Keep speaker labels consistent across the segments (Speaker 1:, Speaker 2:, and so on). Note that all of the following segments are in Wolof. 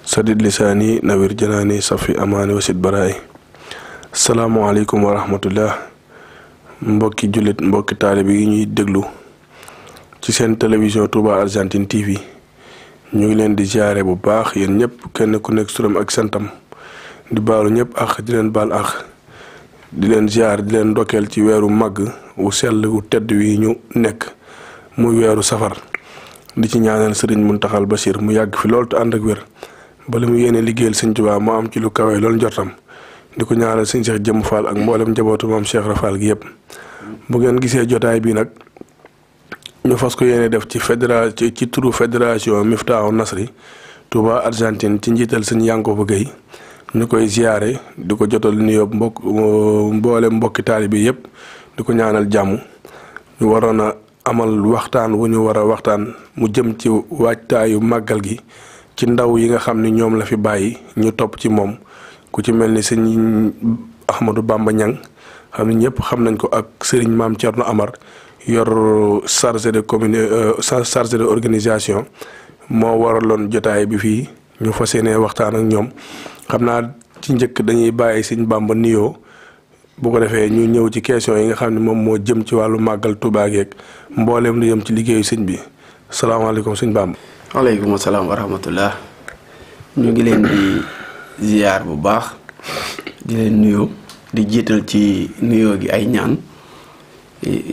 Speaker 1: sa sadid lisaani nawir janaani safi amaani wasit baraay salaamualeykum wa rahmatullah mbokki jullit mbokki taalibe yi ñuy déglu ci seen télévision Touba Argentine TV ñu ngi leen di jaare bu baax yéen ñëpp kenn ku nekk suram ak santam di baalo ñëpp ax di leen baal ak di leen jaar di leen ndokkeel ci weeru màgg wu sell wu tedd wi ñu nekk muy weeru safar di ci ñaanal sëriñ Muntaxal Bachir mu yàgg fi loolu te ànd ak wer ba li mu yéene liggéeyal sëñ Tuubaa moo am ci lu kawe loolu njortam di ko ñaanal sëñ Cheikh Jëmm Fall ak mboolem njabootu maam Cheikh Rafal gi yëpp. bu ngeen gisee jotaay bi nag ñu fas ko yéene def ci fédération ci turu fédération Miftaahu Nasri Touba Argentine ci njiital sëñ Yankoba Gueye ñu koy ziyaare di ko jotal nuyoo mbokk mboolem mbokki taalibe bi yëpp di ko ñaanal jàmm ñu waroon a amal waxtaan wu ñu war a waxtaan mu jëm ci waajtaayu màggal gi. ci ndaw yi nga xam ni ñoom la fi bàyyi ñu topp ci moom ku ci mel ni sëñ Ahmadou bàmba Niang xam ne ñëpp xam nañ ko ak sëriñ maam Thierno Amar yor chargé de commune euh, chargé de organisation moo waraloon jotaay bi fii ñu fa yéene waxtaan ak ñoom xam naa ci njëkk dañuy bàyyi sëñ Bamba nuyoo bu ko defee ñu ñëw ci question yi nga xam ne moom moo jëm ci wàllu màggal Touba geeg mbooleem lu jëm ci liggéeyu siñ bi salaamaaleykum sëñ Bamba waaleykum salaam wa
Speaker 2: ñu ngi leen di ziyaar bu baax di leen nuyu di jiital ci nuyoo gi ay ñaan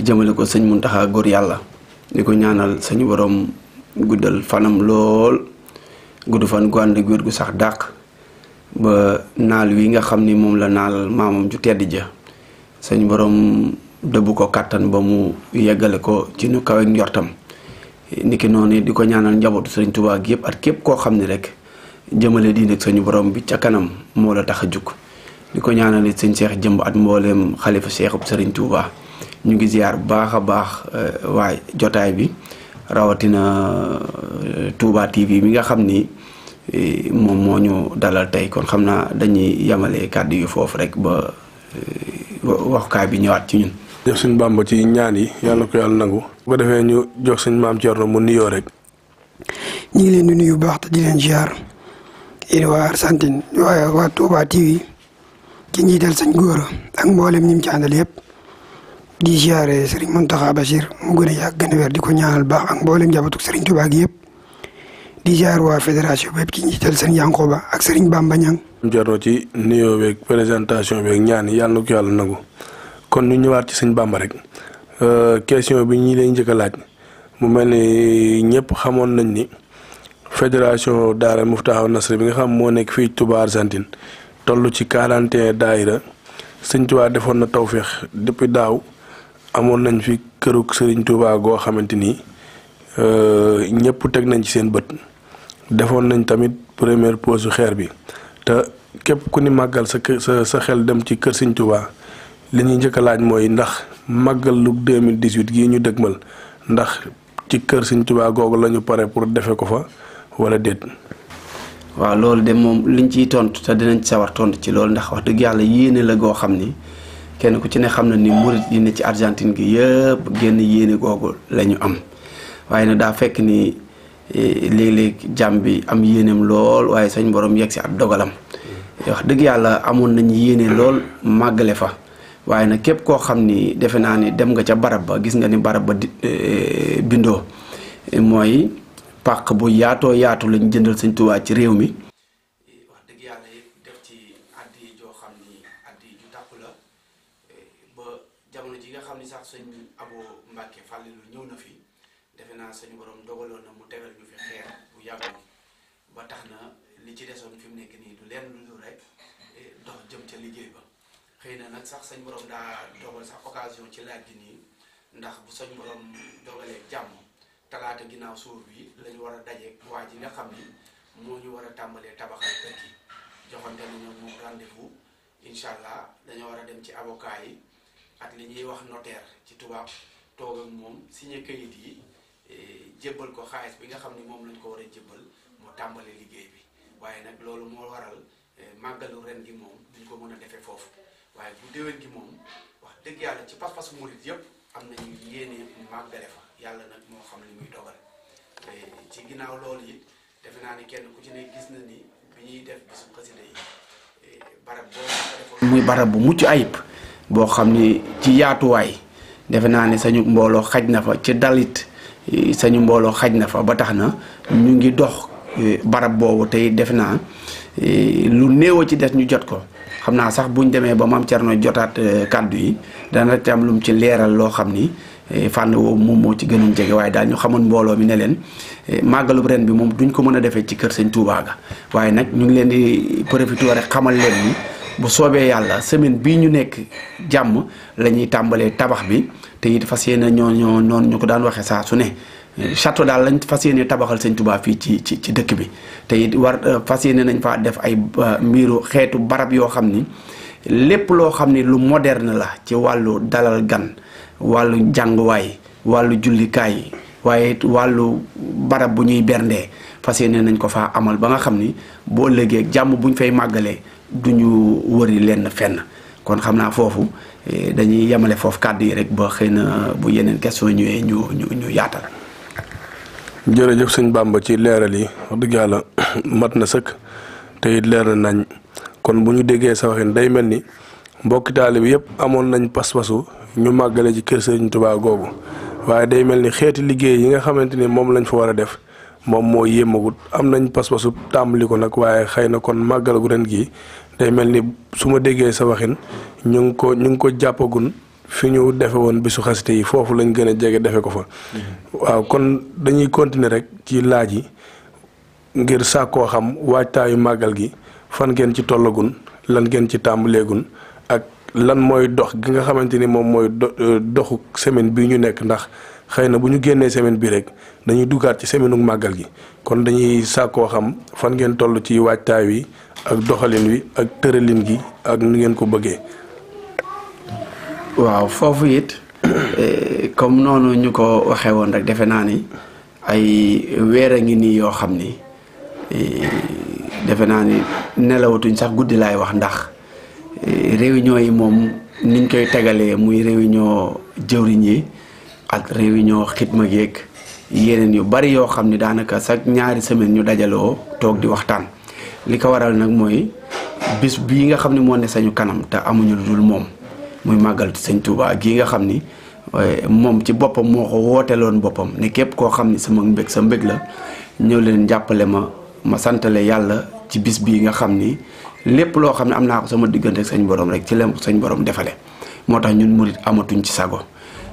Speaker 2: jëmale ko sëñ Muntaxa góor yàlla di ko ñaanal sañu boroom guddal fanam lool gudd fan gu ànd ak wér gu sax dàq ba naal wi nga xam ni moom la naal maamam ju tedd ja sañu boroom dëbb ko kàttan ba mu yeggale ko ci nu kaweeg njortam ki noonu di ko ñaanal njabootu sëriñ Tuubaa gi yëpp ak képp koo xam ne rek jëmale diine ak suñu borom bi ca kanam moo la tax a jug di ko ñaanale sëñ Cheikh jëmb at mbooleem xalifa Cheikhub sëriñ Tuubaa ñu ngi ziar bu baax a baax eh, waaye jotaay bi rawatina eh, Touba TV mi nga xam ni eh, moom moo ñu dalal tey kon xam naa dañuy yemale kàddu yi foofu rek ba waxukaay bi ñëwaat ci ñun. jox suñ bàmba ci ñaan yi yàlla ko yàlla nangu bu ko defee
Speaker 1: ñu jox suñ maam Thierno mu nuyoo rek.
Speaker 3: ñu ngi leen di nuyu bu baax te di leen ziar waa Argentine waa waa Touba TV ci njiital sañ góor ak mboolem ñi mu ci àndal yëpp di ziare Serigne Mountakha Bachir mu gën a yàgg gën a wér di ko ñaanal baax ak mboolem njabootu Serigne Touba gi yëpp di ziare waa fédération bi yëpp ci njiital Serigne Yankoba ak Serigne Bamba Niang.
Speaker 1: Thierno ci nuyoo beeg présentation beeg ñaan yi yàlla kon ñu ñëwaat ci sëñ Bamba rek euh, question bi ñi lay njëkk a laaj mu mel ni ñëpp xamoon nañ ni fédération Daara Mouftahou Nasri bi nga xam moo nekk fii Touba Argentine toll ci 41 daayira sëñ Touba defoon na tawféex depuis daaw amoon nañ fi kërug sëriñ Touba goo xamante ni euh, ñëpp teg nañ ci seen bët defoon nañ tamit première pose xeer bi te képp ku ni màggal sa sa sa xel dem ci kër sëñ Touba. li ñuy njëkkalaat njëkk a laaj mooy ndax màggalug 2018 gi ñu dëgmal
Speaker 2: ndax ci kër Sëñ Tuubaa googu la ñu pare pour defe ko fa wala déet. waaw loolu de moom liñ ciy tontu te dinañ sawar tontu ci loolu ndax wax dëgg yàlla yéene la goo xam ni kenn ku ci ne xam na ni murit yi ci Argentine gi yëpp yéene googu la am waaye nag daa fekk ni e, léeg-léeg bi am yéeneem lool waaye sañ borom yegg si ab dogalam wax dëgg yàlla amoon nañ yéene lool màggale fa. waaye nag képp koo xam ni defe naa ni dem nga ca barab ba gis nga ni barab ba eh, bindoo eh, mooy pàq bu yaatoo yaatu lañ jëndal Sëñ Tuubaa ci réew mi sax sañ borom daa dogal sax occasion ci laaj nii ndax bu sañ borom dogalee jàmm talaata ginnaaw suur bi lañu war a daje waa ji nga xam ni moo ñu war tàmbalee tabaxal kër gi joxante nañu moom rendez allah dañoo war a dem ci avocat yi ak li ñuy wax notaire ci tubaab toog moom signé kayit yi eh, jébbal ko xaalis bi nga xam ni moom lañ ko war a jébbal mu tàmbalee liggéey bi waaye nag loolu moo waral eh, màggalu ren gi moom duñ ko mën a defee foofu. waaye bu déwén gi moom wax dëgg yàlla ci pas-pasu murit yëpp am nañu yéene yàlla nag moo xam li muy dogal ginnaaw loolu defe naa ni kenn ku ci gis na ni bi ñuy def eh, muy barab bu mucc ayib xam ni ci yaatuwaay defe naa ne sañu mbooloo xaj na fa ci dalit eh, sañu mbooloo xaj na fa ba na ñu ngi dox eh, barab boobu tey defe naa lu néew ci des ñu jot ko xam naa sax bu ñu demee ba maam Thierno jotaat euh, kàddu yi dana ci am lu ci leeral loo xam ni euh, fànn woowu moom moo ci gënoon jege waaye daal ñu xamoon mbooloo mi ne leen euh, màggalub ren bi moom duñ ko mën a defee ci kër sëñ Touba ga waaye nag ñu ngi leen di profité rek xamal leen ni bu soobee yàlla semaine bii ñu nekk jàmm la ñuy tàmbalee tabax bi te it fas yéene ñoo ñoo noonu ñu ko daan waxee saa su ne château daal lañ fas yéene tabaxal sañ tubaab fii ci ci ci dëkk bi te it war euh, fas yéene nañ faa def ay euh, mbiru xeetu barab yoo xam ni lépp loo xam ni lu moderne la ci wàllu dalal gan wàllu jànguwaay wàllu jullikaay waaye wàllu barab bu ñuy berndee fas yéene nañ ko faa amal ba nga xam ni bu ëllëgee jàmm buñ fay màggalee duñu ñu wëri lenn fenn kon xam naa foofu eh, dañuy yemale foofu kàdd yi rek ba xëy na bu yeneen question ñëwee ñu ñu ñu yaatal. jërëjëf suñ Bàmba ci leeral yi wax dëgg yàlla mat na
Speaker 1: sëkk te it leer nañ kon bu ñu déggee sa waxin day mel ni mbokki taalibe bi yëpp amoon nañ pas-pasu ñu màggale ci kër Sëriñ Tuubaa googu waaye day mel ni xeeti liggéey yi nga xamante ni moom lañ fa war a def moom moo yéemagut am nañ pas-pasu tàmbali ko nag waaye xëy na kon màggalagu ren gii day mel ni su ma déggee sa waxin ñu ngi ko ñu ngi ko jàppagun fi ñu defe woon bisu xasite yi foofu lañ gën a jege defe ko fa waaw kon dañuy continuer rek ci laaj yi ngir saakoo xam waajtaayu màggal gi fan ngeen ci tollagun lan ngeen ci tàmbaleegun ak lan mooy dox gi nga xamante ni moom mooy euh, doxu semaine bi ñu nekk ndax xëy na bu ñu génnee semaine bi rek dañuy duggaat ci semaine màggal gi kon dañuy saakoo xam fan ngeen toll ci waajtaay wi ak doxalin wi ak tëralin gi ak nu ngeen ko bëggee
Speaker 2: waaw foofu it eh, comme noonu ñu ko waxee woon rek defe naa ni ay weer a ngi nii yoo xam ni eh, defe naa ni nelawatuñ sax guddi laay wax ndax eh, réunion yi moom niñ koy tegalee muy réunion jëwriñ yi ak réunion xitma yeeg yeneen yu bari yoo xam ni daanaka chaque ñaari semaine ñu dajaloo toog di waxtaan li ko waral nag mooy bis bii nga xam ne moo ne sañu kanam te amuñu lu dul moom muy màggal sëñ Touba gii nga xam ni moom ci boppam moo ko wooteloon boppam ne képp koo xam ni sama mbég sa mbég la ñëw leen jàppale ma ma santale yàlla ci bis bii nga xam ni lépp loo xam ne am naa ko sama diggante ak sañ borom rek ci la sañ borom defale moo tax ñun murit amatuñ ci sago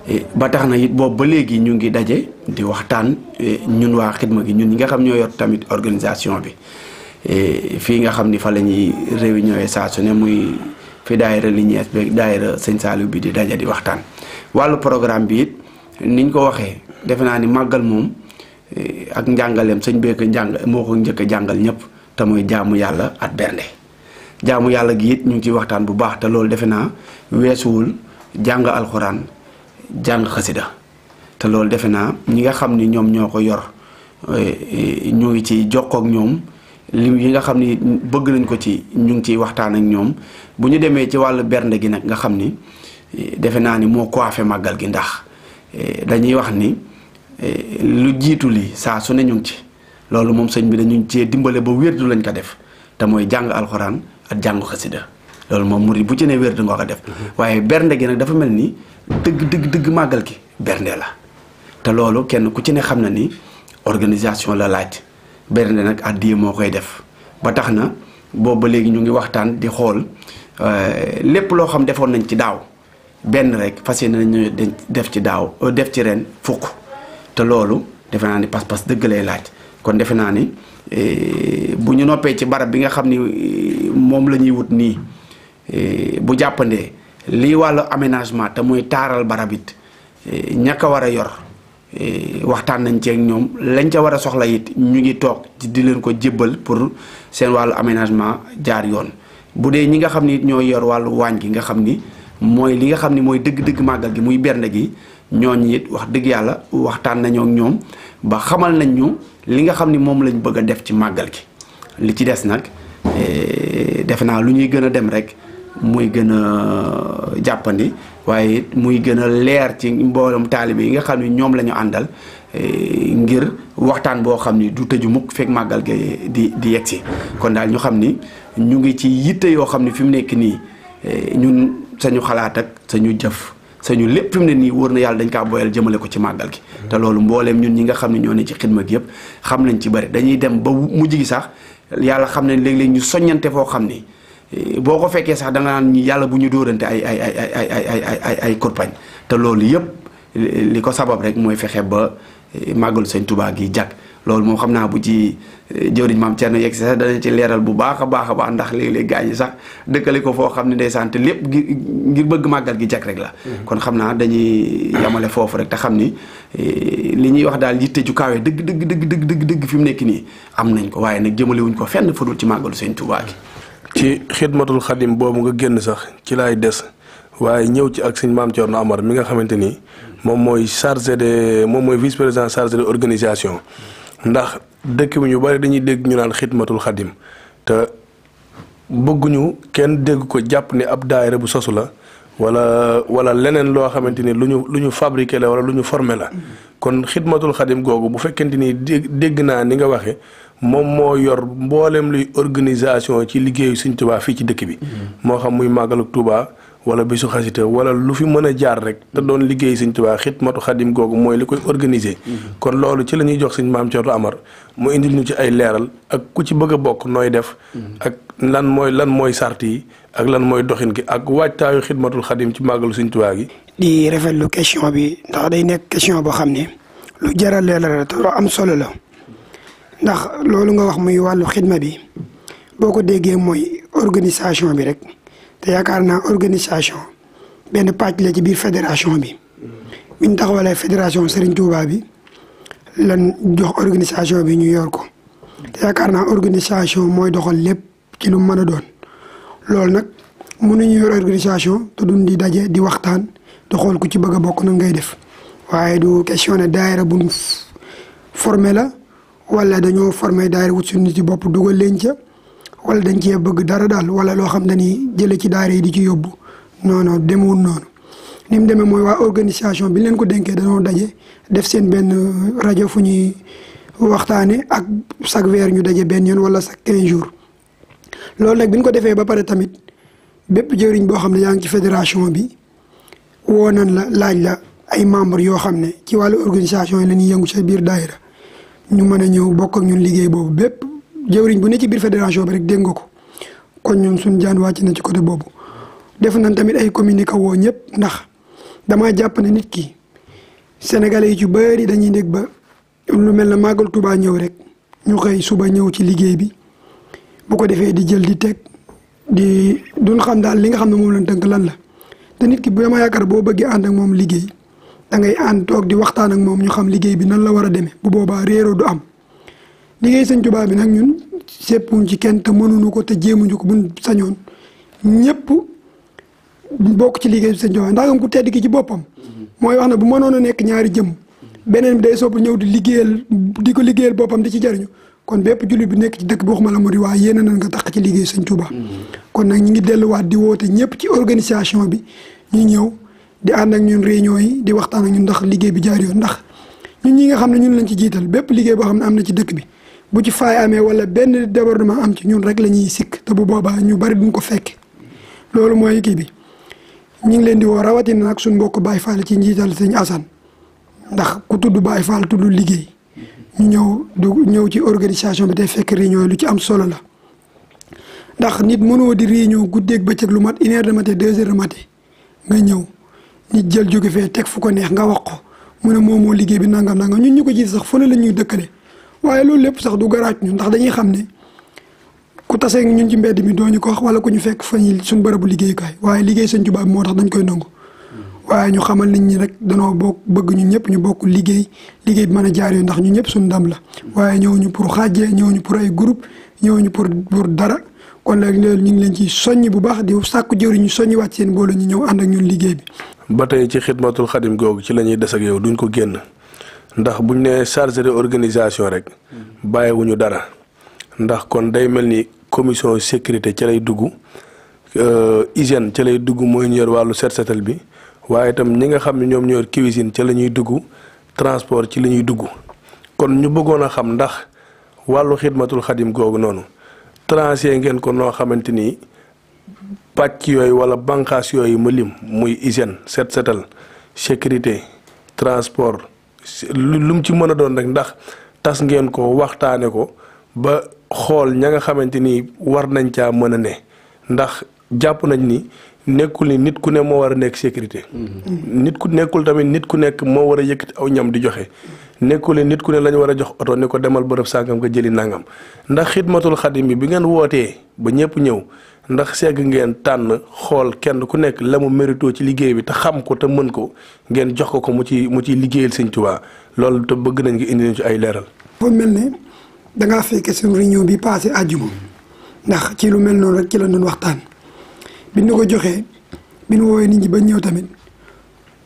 Speaker 2: eh, ba tax na it boobu ba léegi ñu ngi daje di waxtaan eh, ñun waa xidma gi ñun ñi nga xam ñoo yor tamit organisation bi eh, fii nga xam ni fa la ñuy réunion saa su ne muy fi daayira Lignes beeg daayira sëñ Saliou bi di daja di waxtaan wàllu programme bi it niñ ko waxee defe naa ni màggal moom eh, ak njàngaleem sëñ beek njàng moo ko njëkk a jàngal ñëpp te mooy jaamu yàlla at bernde jaamu yàlla gi it ñu ngi ciy waxtaan bu baax te loolu defe naa weesuwul jàng alxuraan jàng xasida te loolu defe naa ñi nga xam ni ñoom ñoo ko yor eh, eh, ñu ngi ci jokkook ñoom lim yi nga xam ni bëgg nañ ko ci ñu ngi ciy waxtaan ak ñoom bu ñu demee ci wàllu bernde gi nag nga xam ni defe naa ni moo coiffé màggal gi ndax eh, dañuy wax ni eh, lu jiitu li saa su ne ñu ci loolu moom sëñ bi dañu cee dimbale ba wérdu lañ ko def te mooy jàng alxuraan ak jàng xasida loolu moom murid bu ci ne wérdu nga ko def waaye bernde gi nag dafa mel ni dëgg dëgg dëgg màggal gi bernde la te loolu kenn ku ci ne xam na ni organisation la laaj bernde nag àddiya moo koy def ba tax na boobu ba léegi ñu ngi waxtaan di xool euh, lépp loo xam defoon nañ ci daaw benn rek fas yéene nañu def ci daaw euh, def ci ren fukk te loolu defe naa ni pas-pas dëgg lay laaj kon defe naa ni euh, bu ñu noppee ci barab bi nga xam ni moom la ñuy wut nii bu jàppandee lii wàllu aménagement te muy taaral barab it ña ko war a yor Eh, waxtaan nañ ci ñoom lañ ca war a soxla it ñu ngi toog di leen ko jébbal pour seen wàllu aménagement jaar yoon bu dee ñi nga xam ni ñoo yor wàllu waañ gi nga xam ni mooy li nga xam ni mooy dëgg-dëgg màggal gi muy bernde gi ñooñu it wax dëgg yàlla waxtaan nañoo ak ñoom ba xamal nañ ñu li nga xam ni moom lañ bëgg a def ci màggal gi li ci des nag eh, defe naa lu ñuy gën a dem rek muy gën a jàppandi waaye muy gën a leer ci mboolem taalibe yi nga xam ne ñoom lañu ñu àndal eh, ngir waxtaan boo xam ni du tëju mukk fekk màggal ga di di yegsi kon daal ñu xam ni ñu ngi ci yitte yoo xam ne fi mu nekk nii eh, ñun sañu xalaat ak sañu jëf sañu lépp fi ne nii wóor na yàlla dañ kaa boyal jëmale ko ci màggal gi te loolu mbooleem ñun ñi nga xam ne ñoo ne ci xidma gi yëpp xam nañ ci bari dañuy dem ba mujj gi sax yàlla xam ne léeg-léeg ñu soññante foo xam ni boo ko fekkee sax da nga yàlla bu ñu dóorante ay ay ay ay ay ay ay te loolu yëpp li ko sabab rek mooy fexe ba eh, màggalu sëñ tubaa gi jag loolu moo xam naa bu ci eh, jëwriñ maam Thierno yegg si sax dana ci leeral bu baax a baax a baax ndax léeg léegi gars sax dëkkale ko foo xam ne day te lépp ngir bëgg màggal gi jag rek la. Mm-hmm. kon xam naa dañuy yamale foofu rek te xam ni eh, li ñuy wax daal yitte ju kawe dëgg dëgg dëgg dëgg dëgg fi mu nekk nii am nañ ko waaye nag jëmale ko fenn fudul ci màggalu sëñ gi. ci xidmatul xadim boobu nga génn sax ci laay des
Speaker 1: waaye ñëw ci ak sëñ maam Thierno Amar mi nga xamante ni moom mooy chargé de moom mooy vice président chargé de organisation ndax dëkk bi ñu bari dañuy dégg ñu naan xidmatul xadim te bëgguñu kenn dégg ko jàpp ni ab daayira bu sosu la wala wala leneen loo xamante ni lu ñu lu ñu fabriqué la wala lu ñu formé la mm-hmm. kon xidmatul xadim googu bu fekkente ni dégg naa ni nga waxe moom moo yor mboolem luy organisation ci liggéeyu Sëñ Tuubaa fii ci dëkk bi. moo xam muy màggalu tubaa wala bisu xasita wala lu fi mën a jaar rek te doon liggéey Sëñ Tuubaa xidmatu xaddim googu mooy li koy organiser. Mm-hmm. kon loolu ci la ñuy jox sëñ maam Thierno Amar mu indi ñu ci ay leeral ak ku ci bëgg a bokk nooy def. Mm-hmm. ak lan mooy lan mooy sart yi ak lan mooy doxin gi ak waajtaayu xidmatul xaddim ci màggalu Sëñ Tuubaa gi.
Speaker 3: di lu question bi ndax day nekk question boo xam ne lu jar a leeral am solo la. ndax loolu nga wax muy wàllu xidma bi boo ko déggee mooy organisation bi rek te yaakaar naa organisation benn pàcc la ci biir fédération bi bu ñu taxawalee fédération Serigne Touba bi lan jox organisation bi ñu yor ko te yaakaar naa organisation mooy doxal lépp ci lu mën a doon loolu nag mënuñu yor organisation te duñ di daje di waxtaan te xool ku ci bëgg a bokk na ngay def waaye du question ne daayira bu formé la. wala dañoo formé daayira wut suñu nit yi bopp dugal leen ca wala dañ cee bëgg dara daal wala loo xam dañuy jëlee ci daayira yi di ci yóbbu non non demewul noonu ni mu demee mooy waa organisation bi leen ko dénkee dañoo daje def seen benn rajo fu ñuy waxtaane ak chaque weer ñu daje benn yoon wala chaque quinze jours loolu nag bi ko defee ba pare tamit bépp jëriñ boo xam ne yaa ngi ci fédération bi woo nan la laaj la ay membres yoo xam ne ci wàllu organisation yi la ñuy yëngu sa biir daayira ñu mën a ñëw bokk ak ñun liggéey boobu bépp jëwriñ bu ne ci biir fédération bi rek dégg ko kon ñun suñ jaan wàcc na ci côté boobu def nañ tamit ay communiqué woo ñëpp ndax damaa jàpp ne nit ki sénégalais yi ci bëri dañuy dégg ba lu mel na màggal Tuubaa ñëw rek ñu xëy suba ñëw ci liggéey bi bu ko defee di jël di teg di duñ xam daal li nga xam ne moom lañ tënk lan la te nit ki bu dama yaakaar boo bëggee ànd ak moom liggéey da ngay ànd toog di waxtaan ak moom ñu xam liggéey bi nan la war a demee bu boobaa réeroo du am liggéey sëñ Tuubaa bi nag ñun seppuñ ci kenn te mënuñu ko te ñu ko buñ sañoon ñëpp bokk ci liggéey bi sëñ Tuubaa ndax ku tedd ki ci boppam mooy wax ne bu mënoon a nekk ñaari jëm beneen bi day sopp ñëw di liggéeyal di ko liggéeyal boppam di ci jariñu kon bépp jullit bi nekk ci dëkk bi waxuma la murid waaye yéen a nan nga tax ci liggéey sëñ Tuubaa mm-hmm. kon nag ñu ngi delluwaat di woote ñëpp ci organisation bi ñu ñëw di ànd ak ñun réunion yi di waxtaan ak ñun ndax liggéey bi jaar yoon ndax ñun ñi nga xam ne ñun lañ ci jiital bépp liggéey boo xam ne am na ci dëkk bi bu ci faay amee wala benn débordement am ci ñun rek la ñuy sikk te bu boobaa ñu bari duñ ko fekke loolu mooy kii bi ñu ngi leen di woo rawatina nag suñ mbokk Baye Fall ci njiital sëñ Assane ndax ku tudd Baye Fall tudd liggéey ñëw du ñëw ci organisation bi day fekk réunion yi lu ci am solo la ndax nit mënoo di réunion guddeeg bëccëg lu mat une heure de matin de matin nga ñëw ñu jël jóge fee teg fu ko neex nga wax ko mu ne moom moo liggéey bi nangam nangam ñun ñu ko jiite sax fële la ñuy dëkkale waaye loolu lépp sax du garaaj ñu ndax dañuy xam ne ku tasee ñun ci mbedd mi dooñu ko wax wala ku ñu fekk fa ñuy suñ bërëbu liggéeyukaay waaye liggéey sëñ Tuubaa moo tax dañ koy nangu waaye ñu xamal nit ñi rek danoo bokk bëgg ñu ñëpp ñu bokk liggéey liggéey bi mën a jaar yoon ndax ñu ñëpp suñu ndam la waaye ñëwuñu pour xaajee ñëwuñu pour ay groupe ñëwuñu pour pour dara kon nag loolu ñu ngi leen ci soññ bu baax di sàkk jëriñ ñu soññi waat seen boole ñu ñëw ànd ak
Speaker 1: ñun liggéey bi ba tey ci xidmatul xadim googu ci la ñuy des ak yow duñ ko génn ndax buñ nee chargé organisation rek mm-hmm. bàyyiwuñu dara ndax kon day mel ni commission sécurité ca lay dugg euh, hygiène ca lay dugg mooy ñor wàllu set setal bi waaye itam ñi nga xam ne ñoom ñor cuisine ca la ñuy dugg transport ci la ñuy dugg kon ñu bëggoon a xam ndax wàllu xidmatul xadim googu noonu trancé ngeen ko noo xamante ni. pàcc yooyu wala banqaas yooyu ma lim muy hygiène set setal sécurité transport lu mu ci mën a doon rek ndax tas ngeen ko waxtaane ko ba xool ña nga xamante ni war nañ caa mën a ne ndax jàpp nañ ni nekkul ni nit ku ne moo war a nekk sécurité. Mm-hmm. nit ku nekkul tamit nit ku nekk moo war a yëkkati aw ñam di joxe. nekkul nit ku ne lañ war a jox oto ne ko demal bërëb sàngam nga jëli nangam ndax xidmatul xadim mi bi ngeen wootee ba ñëpp ñëw. ndax segg ngeen tànn xool kenn ku nekk la mu mérito ci liggéey bi te xam ko te mën ko ngeen jox ko ko mu ci mu ciy liggéeyal sëñ Tuubaa loolu te bëgg nañ nga indi leen ci ay leeral.
Speaker 3: dafa mel ne da ngaa fekke suñu réunion bi passé àjjuma ndax ci lu mel noonu rek ci la doon waxtaan bi ñu ko joxee bi nu woowee nit ñi ba ñëw tamit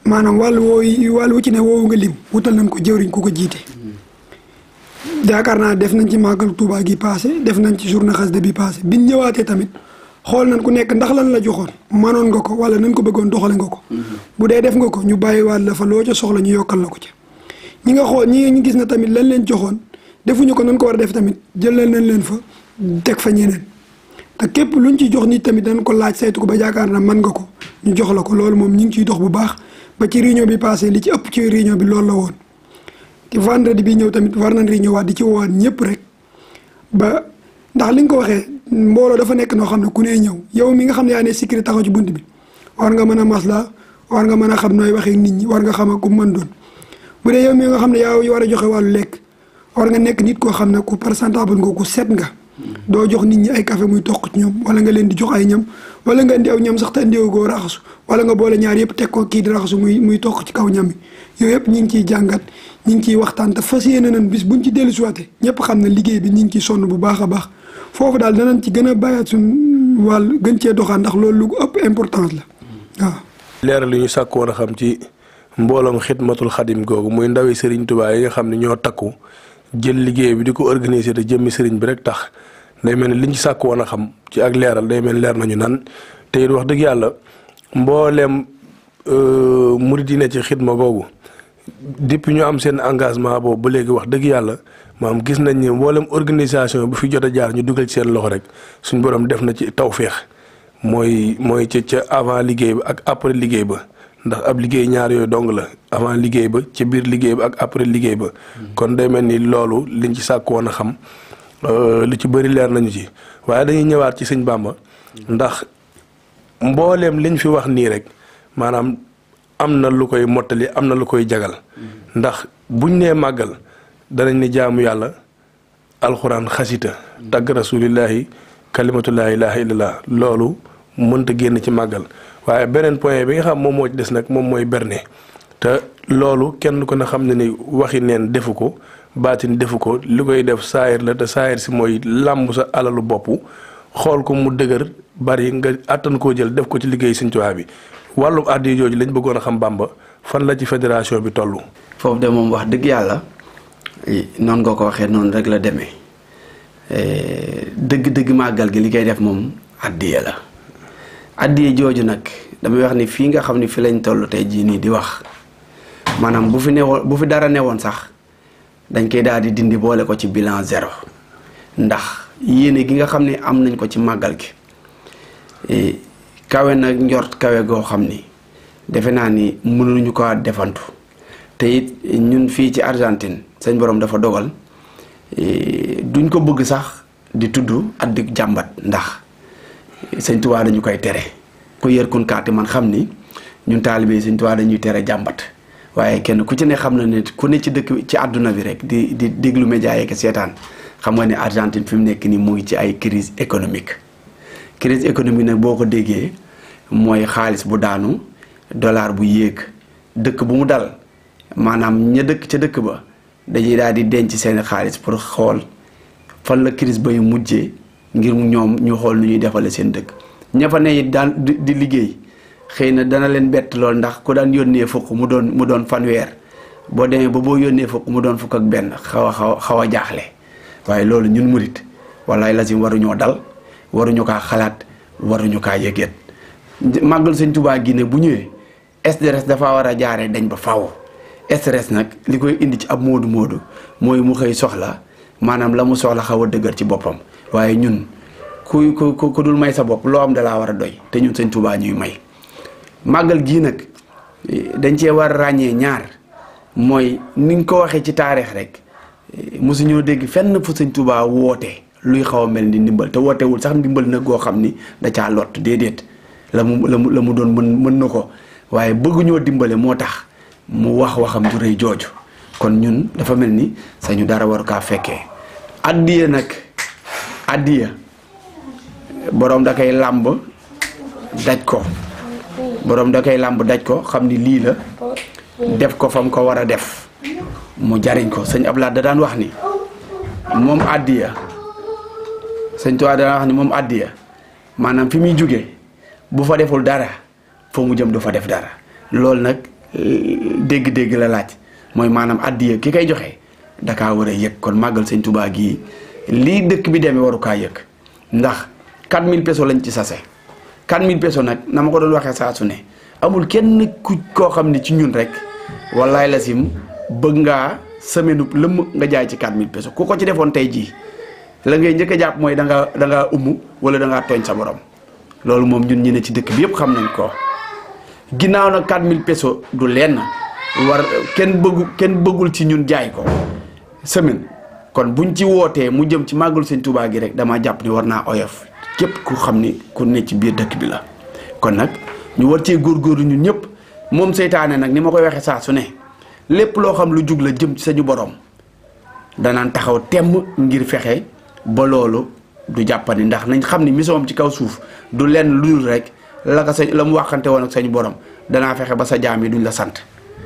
Speaker 3: maanaam wàllu woowu wàllu wu ci ne woowu nga lim wutal nañ ko jëwriñ ku ko jiite. yaakaar naa def nañ ci màggal tubaa gi passé def nañ ci journée xasida bi passé biñ ñëwaatee tamit. xool nan ku nekk ndax lan la joxoon manoon nga ko wala nañ ko bëggoon doxale nga ko mm-hmm. bu dee def nga ko ñu bàyyi bàyyiwaat la fa loo ca soxla ñu yokkal la ko ca ñi nga xool ñi ñu gis na tamit lan leen joxoon defuñu ko nañ ko war a def tamit jëlal nañ leen fa teg fa ñeneen te képp luñ ci jox nit tamit dañ ko laaj saytu ko ba yaakaar na mën nga ko ñu jox la ko loolu moom ñu ngi ciy dox bu baax ba ci réunion bi passé li ci ëpp ci réunion bi loolu la woon te vendredi bi ñëw tamit war nañ réunion waat di ci woowaat ñëpp rek ba ndax li ko waxee mbooloo dafa nekk noo xam ne ku nee ñëw yow mi nga xam ne yaa ne sécurité taxaw ci bunt bi war nga mën a masla war nga mën a xam nooy waxee nit ñi war nga xam ku mën doon bu dee yow mi nga xam ne yaa war a joxe wàllu lekk war nga nekk nit koo xam ne ku présentable nga ku set nga doo jox nit ñi ay café muy toq ci ñoom wala nga leen di jox ay ñam wala nga indi aw ñam sax te indiwu goo raxasu wala nga boole ñaar yëpp teg ko kii di raxasu muy muy toq ci kaw ñam yi yooyu ñu ngi ciy jàngat ñu ngi ciy waxtaan te fas yéene nañ bis buñ ci dellusiwaate ñëpp xam ne liggéey bi ñu ngi ciy sonn bu baax a baax foofu daal dana ci gën a bàyyaat suñu wàll gën cee doxaan ndax loolu lu ëpp importance la
Speaker 1: waaw. leeral li ñu sàkk woon a xam ci mbooloom xidmatul xadim googu muy ndawi Serigne Touba yi nga xam ne ñoo takku jël liggéey bi di ko organiser te jëmmi sëriñ bi rek tax day mel ni li ñu sàkk woon a xam ci ak leeral day mel leer nañu nan te it wax dëgg yàlla mbooleem euh, murid di ne ci xidma googu depuis ñu am seen engagement boobu ba léegi wax dëgg yàlla maam gis nañ ni mboolem organisation bu fi jot a jaar ñu dugal ci seen loxo rek suñ borom def na ci tawféex mooy mooy ca ca avant liggéey ba ak après liggéey ba ndax ab liggéey ñaar yooyu dong la avant liggéey ba ca biir liggéey ba ak après liggéey ba. Hmm. kon day mel ni loolu liñ ci sàkk woon a xam euh, lu ci bëri leer nañu ci waaye dañuy ñëwaat ci sëñ Bàmba. Hmm. ndax mbooleem liñ fi wax nii rek maanaam am na lu koy mottali am na lu koy jagal. Hmm. ndax buñ nee màggal. danañ ni jaamu yàlla alxuraan xasita tagg rasulillahi kalimatu laa ilaha illallah loolu mënta génn ci màggal waaye beneen point bi nga xam moom moo ci des nag moom mooy berne te loolu kenn ku ne xam ne ni waxi neen defu ko baatin defu ko li koy def saayir la te saayir si mooy làmb sa alalu bopp xool ko mu dëgër bari nga àttan koo jël def ko ci liggéey Sëñ bi wàllum
Speaker 2: addiya jooju lañ bëggoon a xam Bàmba fan la ci fédération bi toll. foofu wax dëgg yàlla. noonu nga ko waxee noonu rek la demee dëgg-dëgg eh, màggal gi li koy def moom addiye la addiye jooju nag damay wax ni fii nga xam ni fi lañ toll tey jii nii di wax maanaam bu fi newoon bu fi dara newoon sax dañ koy daal di dindi boole ko ci bilan zéro ndax yéene gi nga xam ne am nañ ko ci màggal gi eh, kawe nag njort kawe goo xam ni defe naa ni mënuñu ko defantu te it ñun fii ci Argentine seen borom dafa dogal e, duñ ko bëgg sax di tudd ak di jàmbat ndax e, sëñ Tuubaa dañu koy tere ku yër kun kaati man xam ni ñun taalibe sëñ Tuubaa dañuy tere jàmbat waaye kenn ku ci ne xam na ne ku ne ci dëkk ci àdduna bi rek di di déglu média yeeg seetaan xam nga ne Argentine fi mu nekk nii mu ngi ci ay crise économique crise économique nag boo ko déggee mooy xaalis bu daanu dollar bu yéeg dëkk bu mu dal maanaam ña dëkk ca dëkk ba dañuy daal di denc seen xaalis pour xool fan la crise ba yu mujjee ngir ñoom ñu xool nu ñuy defale seen dëkk ña fa ne it daal di liggéey xëy na dana leen bett lool ndax ku daan yónnee fukk mu doon mu doon fanweer boo demee ba boo yónnee fukk mu doon fukk ak benn xaw a xaw xaw a jaaxle waaye loolu ñun murit wallaay lazim waruñoo dal waruñu kaa xalaat waruñu kaa yëgeet màggal sëñ Tuubaa gi ne bu ñëwee SDRS dafa war a jaaree dañ ba faw stress nag li koy indi ci ab moodu-moodu mooy mu xëy soxla maanaam la mu soxla xaw a dëgër ci boppam waaye ñun ku ku ku dul may sa bopp loo am dalaa war a doy te ñun Sëñ Tuubaa ñuy may màggal gii nag dañ cee war a ràññee ñaar mooy ni nga ko waxee ci taarix rek mosuñoo dégg fenn fu Sëñ Tuubaa woote luy xaw a mel ni ndimbal te wootewul sax ndimbal nag koo xam ni da caa lott déedéet la mu la mu la mu doon mën mën na ko waaye bëgguñoo dimbale moo tax mu wax waxam ju jooju kon ñun dafa mel ni sañu dara war kaa fekkee addiya nag addiya boroom da koy làmb daj ko boroom da koy làmb daj ko xam ni lii la def ko fam ko war a def mu jariñ ko sëñ Abdoulaye da daan wax ni moom addiya sëñ Tuubaa da daan wax ni moom addiya maanaam fi muy jóge bu fa deful dara foo mu jëm du fa def dara loolu nag dégg-dégg la laaj mooy maanaam addiya ki kay joxe dakaa war a yëg kon màggal sañ tubaab gii lii dëkk bi demee waru kaa yëg ndax 4000 pesos lañ ci sase 4000 pesos nag na ma ko doon waxee saa su ne amul kenn ku koo xam ne ci ñun rek wallaay la sim bëgg ngaa semaine lëmm nga jaay ci 4000 pesos ku ko ci defoon tey jii la ngay njëkk jàpp mooy da ngaa da ngaa wala da ngaa tooñ sa borom loolu moom ñun ñu ne ci dëkk bi yëpp xam nañ ko. ginnaaw na 4000 peso du lenn war kenn kenn bëggul ci ñun jaay ko semaine kon buñ ci wootee mu jëm ci màggalu sëñ Tuubaa gi rek dama jàpp ni war naa oyof képp ku xam ni ku ne ci biir dëkk bi la kon nag ñu war cee góor góorgóorlu ñun ñëpp moom seytaane nag ni ma koy waxee saa su ne lépp loo xam lu jug la jëm ci sañu borom danaan taxaw temm ngir fexe ba loolu du jàppandi ndax nañ xam ni mission ci kaw suuf du lenn lu dul rek la ko sëñ la mu waxante woon ak sëñ borom danaa fexe ba sa jaam yi duñ la sant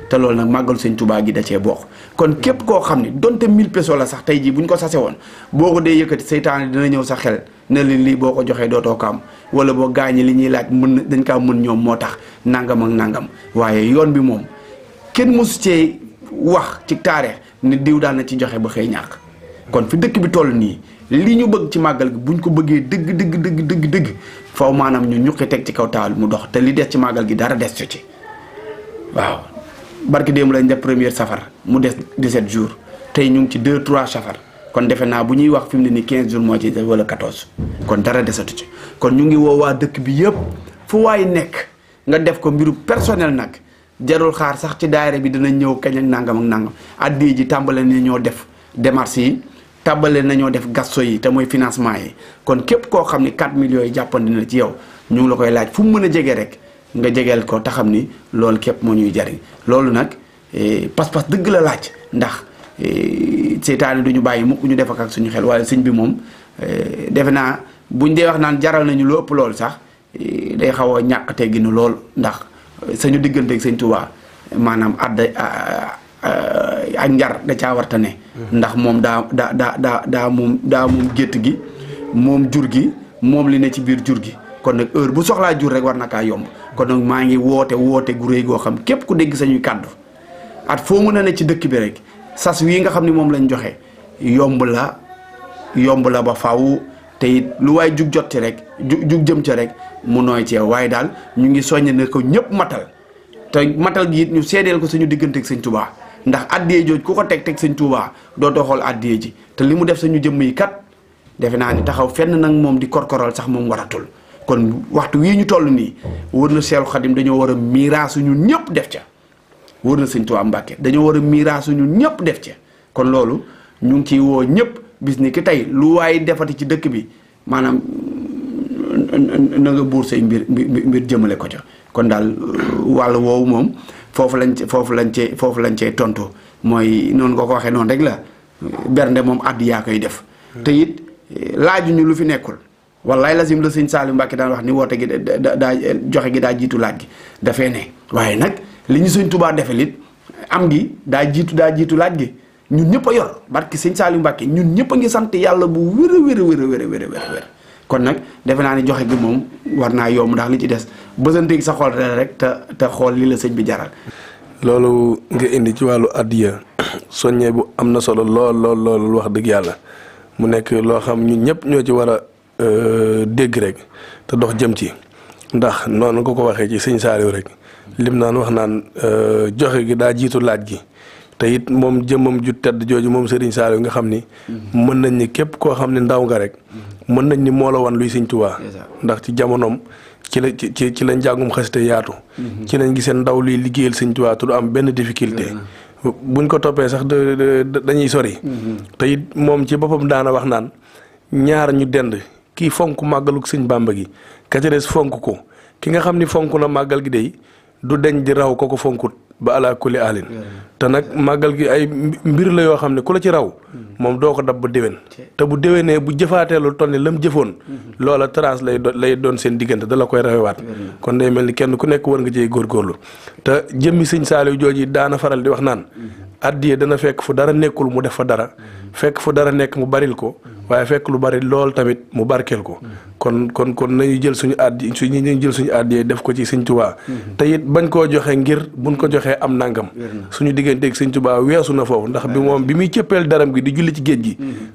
Speaker 2: te lool nag màggal sëñ Tuubaa gi da cee bokk kon képp koo xam ne donte 1000 peso la sax tey jii bu ñu ko sase woon boo ko dee yëkkati seytaane dina ñëw sa xel ne leen lii boo ko joxee dootoo ko am wala boo gaañi li ñuy laaj mën dañ kaa mën ñoom moo tax nangam ak nangam waaye yoon bi moom kenn mosu cee wax ci taarix ne diw daan na ci joxe ba xëy ñàkk kon fi dëkk bi toll nii li ñu bëgg ci màggal gi buñ ko bëggee dëgg dëgg dëgg dëgg dëgg faw maanaam ñu ñuqi teg ci kaw taal mu dox te li des ci màggal gi dara des su ci waaw barki démb lañ def première safar mu des 17 jours tey ñu ngi ci 2 trois safar kon defe naa bu ñuy wax fi mu ne ni quinze jours moo ci des wala 14 kon dara des desatu ci kon ñu ngi woowaa dëkk bi yëpp fu waay nekk nga def ko mbiru personnel nag jarul xaar sax ci daayira bi dana ñëw kañ ak nangam ak nangam addi ji tàmbale ni ñoo def démarche yi. tàbbale nañoo def gasto yi te mooy financement yi kon képp koo xam ni 4 millions yi jàppandi na ci yow ñu la koy laaj fu mu mën a jege rek nga jegeel ko te xam ni loolu képp moo ñuy jariñ loolu nag eh, pas-pas dëgg la laaj ndax eh, seytaane du ñu bàyyi mukk ñu def ak suñu xel waaye sëñ bi moom eh, defe naa buñ dee wax naan jaral nañu lu ëpp loolu sax day xaw a ñàkk tegginu lool ndax sañu digganteeg sëñ Tuubaa maanaam adda a njar da caa warta ne ndax moom daa daa daa daa daa moom daa gétt gi moom jur gi moom li ne ci biir jur gi kon nag heure bu soxlaa jur rek war na kaa yomb kon nag maa ngi woote woote gu réy goo xam képp ku dégg sañuy kàddu at foo mën a ne ci dëkk bi rek sas wii nga xam ni moom lañ joxe yomb la yomb la ba faw te it lu waaye jug jot ci rek jug jug jëm ci rek mu nooy cee waaye daal ñu ngi soññ ne ko ñëpp matal te matal gi ñu seedeel ko suñu diggante ak sëñ ndax addiyee jooj ku ko teg teg sëñ Tuubaa doo doxal addiyee ji te li mu def sañu jëmm yi kat defe naa ni taxaw fenn nag moom di korkoral sax moom waratul kon waxtu wii ñu toll nii wër na seelu Xadim dañoo war a miiraasu ñëpp def ca wër na sëñ Tuubaa Mbàkke dañoo war a miiraasu ñun ñëpp def ca kon loolu ñu ngi ciy woo ñëpp bis ni ki tey lu waaye defati ci dëkk bi maanaam na buur say mbir mbir jëmale ko ca kon daal wàll woowu moom foofu lañ foofu lañ cee foofu lañ cee tontu mooy noonu nga ko waxee noonu rek la bernde moom addu yaa koy def. te it laajuñu lu fi nekkul. wallaay lazim la sëñ Saliou Mbacke daan wax ni woote gi daa joxe gi daa jiitu laaj gi dafee ne waaye nag li ñu sëñ Touba defal am gi daa jiitu daa jiitu laaj gi ñun ñëpp a yor barki sëñ Saliou Mbacke ñun ñëpp ngi sant yàlla bu wér a wér a wér a wér a wér. kon nag defe naa ni joxe bi moom war naa yomb ndax li ci des dégg sa xol rek te xool li la sëñ bi jaral. loolu nga indi ci wàllu àddiya soññee bu am
Speaker 1: na solo lool lool lool wax dëgg yàlla mu nekk loo xam ñu ñëpp ñoo ci war a euh, dégg rek te dox jëm ci ndax noonu ko ko waxee ci sëñ Saliou rek lim naan wax naan euh, joxe gi daa jiitu laaj gi. te it moom jëmmam ju tedd jooju moom Serigne Saliou nga xam ni. mën nañ ni képp koo xam ne ndaw nga rek. mën nañ ni moo la wan luy Serigne Touba. ndax ci jamonoom ci la ci ci ci la njàngum xasite mhm. ci lañ gisee ndaw luy liggéeyal Serigne Touba te du am benn difficulté. buñ ko toppee sax dañuy sori. Mhm. te it moom ci boppam daana wax naan ñaar ñu dend kii fonk màggaluk Serigne Bamba gi ka fonk ko ki nga xam ni fonk na màggal gi de du deñ di raw ko ko fonkut. ba ala kulli alin te nag màggal gi ay mbir la yoo xam ne ku la ci raw mm. moom doo ko dab ba déwén te bu déwénee bu jëfaatee lu toll ni la mu jëfoon mhm. loola trace lay lay doon seen diggante da la koy rawewaat kon day mel ni kenn ku nekk war nga cee góorgóorlu te jëmmi sëñ Saaliw jooju daana faral di wax naan mhm. addiye dana fekk fu dara nekkul mu def fa dara mhm. fekk fu dara nekk mu baril ko waaye fekk lu bari lool tamit mu barkeel ko kon kon kon nañu jël suñu addi suñu nañu jël suñu addiye def ko ci sëñ Tuubaa te it bañ koo joxe ngir buñ ko joxee am nangam suñu digganteeg sëñ Tuubaa weesu na foofu ndax ci géej gi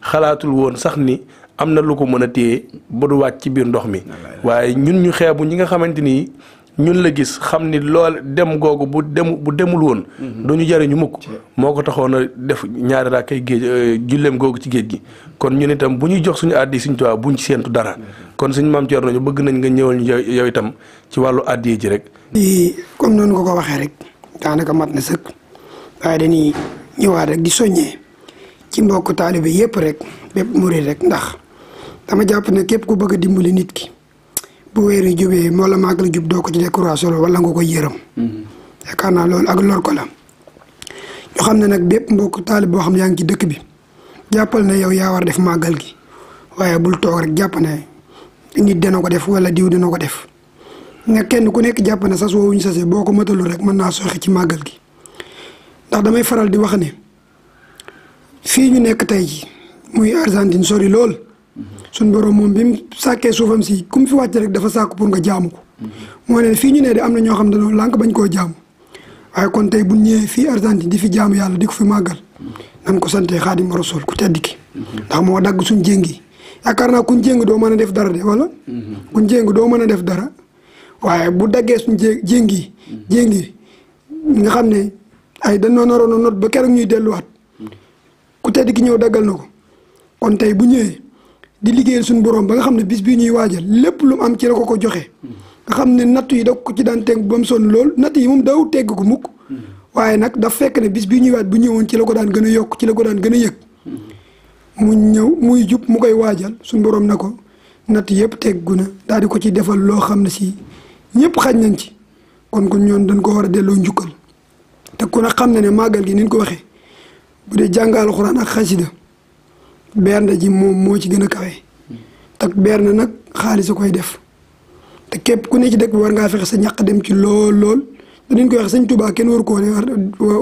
Speaker 1: xalaatul woon sax ni am na lu ko mën a téye ba du wàcc ci biir ndox mi waaye ñun ñu xeebu ñi nga xamante ni ñun la gis xam ni lool dem googu bu dem bu demul woon mhm. duñu jariñu mukk moo ko taxoon a def ñaari rakkay géej euh, julleem googu ci géej gi kon ñun itam bu ñuy jox suñu àddi suñu tubaab buñ ci seentu dara mhm. kon suñu maam Thierno ñu bëgg nañ nga ñëwal ñu yow itam ci wàllu àddi ji rek
Speaker 3: di comme noonu ko ko waxee rek daanaka mat na sëkk waaye ci mbokk taalibe yépp rek bépp murid rek ndax dama jàpp ne képp ku bëgg a dimbali nit ki bu weer yi jubee moo la màgg la jub doo ko ci décoration la wala nga koy yërëm mm-hmm. yaakaar naa loolu ak lor ko la ñu xam ne nag bépp mbokk taalib boo xam ne yaa ngi ci dëkk bi jàppal na yow yaa war def màggal gi waaye bul toog rek jàpp ne ngi dana ko def wala diw dana ko def nga kenn ku nekk jàpp ne sas woowuñu sase boo ko matalul rek mën naa soxi ci màggal gi ndax damay faral di wax ne fii ñu nekk tey muy Argentine sori lool suñ borom moom bi mu sàkkee suufam si ku mu fi wàcc rek dafa sàkk pour nga jaamu ko moo ne fii ñu ne de am na ñoo xam ne dañoo lànk bañ koo jaamu waaye kon tey bu ñëwee fii Argentine di fi jaamu yàlla di ko fi màggal nan ko sante Xaadimu Rasuul ku tedd ki ndax moo dagg suñ jéngi yaakaar naa kuñ jéng doo mën a def dara de wala kuñ jéng doo mën a def dara waaye bu daggee suñ jé jéngi jéngi nga xam ne ay dañoo naroon a not ba keroog ñuy delluwaat ku tedd ki ñëw daggal na ko kon tey bu ñëwee di liggéeyal suñu borom ba nga xam ne bis bii ñuy waajal lépp lu mu am ci la ko ko joxe. nga xam ne natt yi da ko ci daan teg ba mu lool natt yi moom daw tegg ko mukk waaye nag daf fekk bis bii ñuy bu ñëwoon ci la ko daan gën a yokk ci ko daan gën a yëg. mu ñëw muy jub mu koy waajal suñu borom na ko natt yëpp teggu na daal di ko ci defal loo xam ne si ñëpp xaj nañ ci kon kon ñoon dañ ko war a delloo njukkal te kon ne xam na ne màggal gi ni ko waxee bu dee jàng alxuraan ak xasida bernde ji moom moo ci gën a kawe te bernde nag xaalis a koy def te képp ku ne ci dëkk war ngaa fexe sa ñaq dem ci lool lool dinañ koy wax sëñ Tuubaa kenn waru koo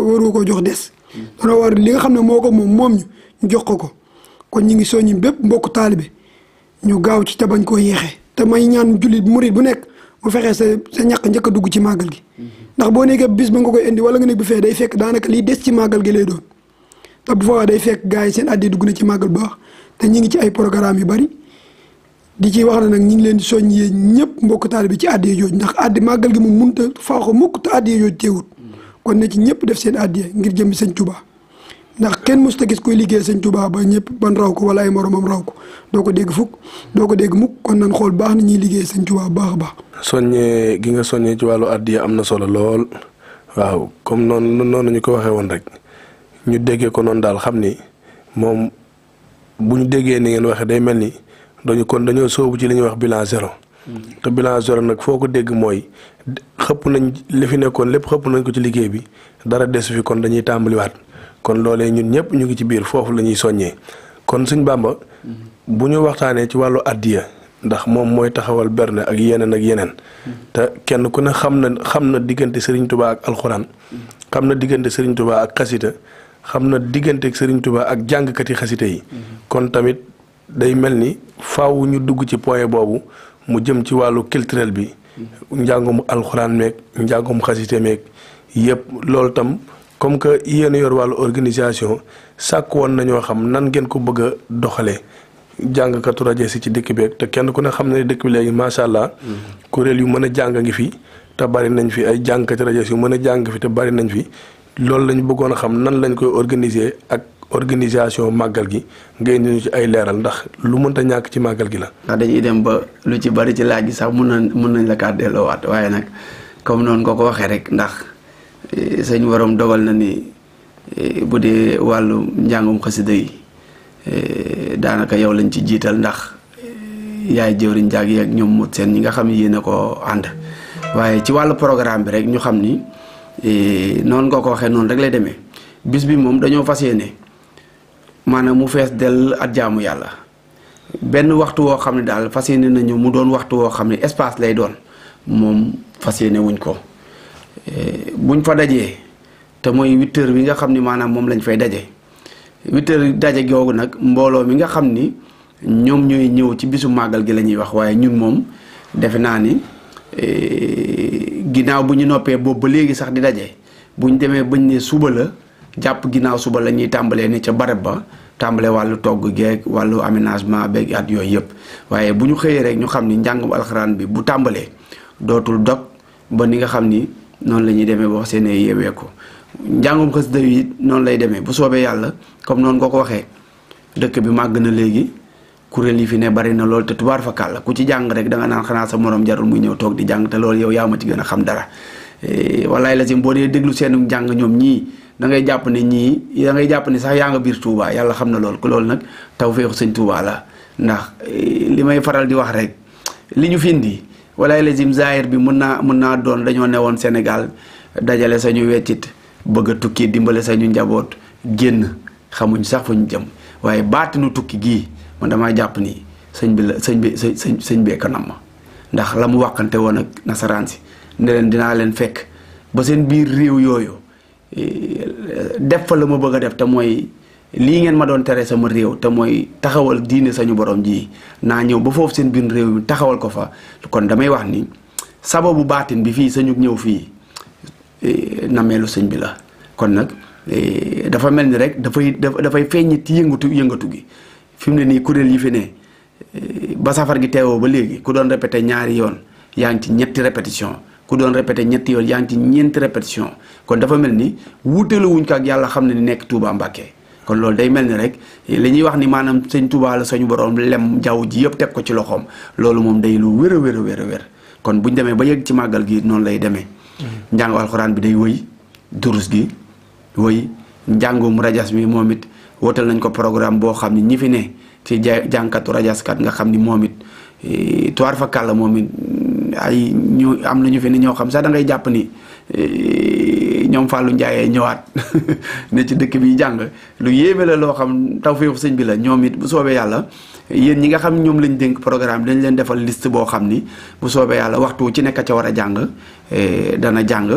Speaker 3: waru koo jox des. dañoo li nga xam ne moo ko moom moom ñu jox ko ko kon ñu ngi soññi bépp mbokku taalibe ñu gaaw ci te bañ koo yéexee te may ñaan jullit murit bu nekk bu fexee sa sa ñaq njëkk a dugg ci màggal gi. Mm-hmm. ndax boo nekkee bis ba nga koy indi wala nga nekk bu fee day fekk daanaka liy des ci màggal gi lay doon. te bu fa day fekk gaa yi seen at yi dugg na ci màggal bu baax te ñu ngi ci ay programme yu bari di ci wax ne nag ñu ngi leen di yee ñëpp mbokk taal bi ci àddiya jooju ndax àddi màggal gi mu munta faaxu mukk te àddiya jooju teewut kon na ci ñëpp def seen àddiya ngir jëm sëñ Tuubaa ndax kenn mës gis kuy liggéey sëñ Tuubaa ba ñëpp ban raw ko wala ay moromam raw ko doo ko dégg fukk doo ko dégg mukk kon nan xool baax na ñuy liggéey sëñ Tuubaa baax a baax
Speaker 1: soññee gi nga soññee ci wàllu àddiya am na solo lool waaw comme noonu noonu ñu ko waxee woon rek ñu déggee ko noonu daal xam ni moom bu ñu déggee ni ngeen waxee day mel ni dañu kon dañoo soobu ci li ñuy wax bilan zéro. te bilan zéro nag foo ko dégg mooy xëpp nañ li fi nekkoon lépp xëpp nañ ko ci liggéey bi dara desu fi kon dañuy tàmbaliwaat kon loole ñun ñëpp ñu ngi ci biir foofu la ñuy soññee kon suñ bàmba bu ñu waxtaanee ci wàllu addiya ndax moom mooy taxawal berne ak yeneen ak yeneen te kenn ku ne xam na xam na diggante Serigne Touba ak alxuraan xam na diggante Serigne Touba ak xasita xam na digganteeg Serigne Touba ak jàngkati xasite yi. kon tamit day mel ni faw ñu dugg ci point boobu mu jëm ci wàllu culturel bi. njàngum alxuraan meeg njàngum xasite meeg yëpp loolu tam comme que yéen yor wàllu organisation sàkk woon na nañoo xam nan ngeen ko bëgg a doxalee. jàngkatu rajo si ci dëkk bi te kenn ku ne xam ne dëkk bi léegi macha allah. Mm-hmm. kuréel yu mën a jàng ngi fi te bari nañ fi ay jàngkati rajo yu mën a jàng fi te bari nañ fi loolu lañ bëggoon a xam nan lañu koy organiser ak
Speaker 2: organisation màggal gi ngay indi ci ay leeral ndax lu mënta ñàkk ci màggal gi la. ndax dañuy dem ba lu ci bari ci laaj gi sax mun nañ mun nañ la kaa delloowaat waaye nag comme noonu nga ko waxee rek ndax e, sëñ waroom dogal na ni e, bu dee wàllu njàngum xasida e, daanaka yow lañ ci jiital ndax yaay jëwriñ jaag yeeg ñoom mut seen ñi nga xam ne yéen ànd waaye ci wàllu programme bi rek ñu xam ni. noonu ngoo ko waxee noonu rek lay demee bis bi moom dañoo fas yéene maanaam mu fees dell at jaamu yàlla benn waxtu woo xam ne daal fas yéene nañu mu doon waxtu woo xam ne espace lay doon moom fas yéene wuñ ko eh, buñ fa dajee te mooy huit heures bi nga xam ni maanaam moom lañ fay daje huit heures daje googu nag mbooloo mi nga xam ni ñoom ñooy ñëw ci bisu màggal gi la ñuy wax waaye ñun moom defe naa ni. Eh, ginnaaw bu ñu noppee boobu ba léegi sax di daje bu ñu demee bañ ne suba la jàpp ginnaaw suba la ñuy tàmbalee ni ca barab ba tàmbale wàllu togg geeg wàllu aménagement beeg at yooyu yëpp waaye bu ñu xëyee rek ñu xam ni njàngum alxuraan bi bu tàmbalee dootul dog ba ni nga xam ni noonu la ñuy demee ba wax seen yeewee ko njàngum xasida yi noonu lay demee bu soobee yàlla comme noonu nga ko waxee dëkk bi màgg na léegi. kuréel yi fi ne bari na lool te tubaar fa kàll ku ci jàng rek da nga naan xanaa sa morom jarul muy ñëw toog di jàng te loolu yow yaa ma ci gën a xam dara e, walaay la boo dee déglu seen jàng ñoom ñii da ngay jàpp ne ñii da ngay jàpp ni sax yaa nga biir Touba yàlla xam na lool ku loolu nag taw feexu sañ Touba la ndax e, li may faral di wax rek li ñu findi walaay lazim zaahir bi mun naa mun naa doon dañoo ne woon Sénégal dajale sañu weccit bëgg a tukki dimbale sañu njaboot génn xamuñ sax fu man damaa jàpp ni sëñ bi la sëñ bi sëñ sëñ bee kanam ma ndax la mu wàkkante woon ak nasaraan si ne leen dinaa leen fekk ba seen biir réew yooyu e, def fa la ma bëgg a def te mooy lii ngeen ma doon tere sama réew te mooy taxawal diine sañu borom ji naa ñëw ba foofu seen biir réew mi taxawal ko fa kon damay wax ni sababu baatin bi fii sañu ñëw fii e, nameelu sëñ bi la kon nag e, dafa mel ni rek dafay dafay feeñit yëngatu yëngatu gi fi mu ne nii kuréel yi fi ne ba safar gi teewoo ba léegi ku doon répété ñaari yoon yaa ngi ci ñetti répétition ku doon répété ñetti yoon yaa ngi ci ñeenti répétition kon dafa mel ni wuutelu wuñ ko ak yàlla xam ne ni nekk Touba Mbacké kon loolu day mel ni rek li ñuy wax ni maanaam sëñ Touba la suñu borom lem jaww ji yëpp teg ko ci loxoom loolu moom day lu wér a wér a wér a wér kon buñ demee ba yegg ci màggal gi noonu lay demee mm-hmm. njàngu alxuraan bi day wëy durus gi wëy njàngum mi moom it wóotal nañ ko programme boo xam ni ñi fi ne ci jànkatu rajaskat nga xam ni moom it eh, tuwaar fa kàlla moom it mm, ay ñu am na ñu fi ni ñoo xam sax dangay jàpp ni eh, ñoom Fallou Ndiaye ñëwaat ne ci dëkk bi jàng lu yéeme la loo xam taw tawfeexu sëñ bi la ñoom it bu soobee yàlla yéen ñi nga xam ñoom lañ dénk programme dañ leen defal liste boo xam ni bu soobee yàlla waxtu ci nekk ca war a jàng eh, dana jàng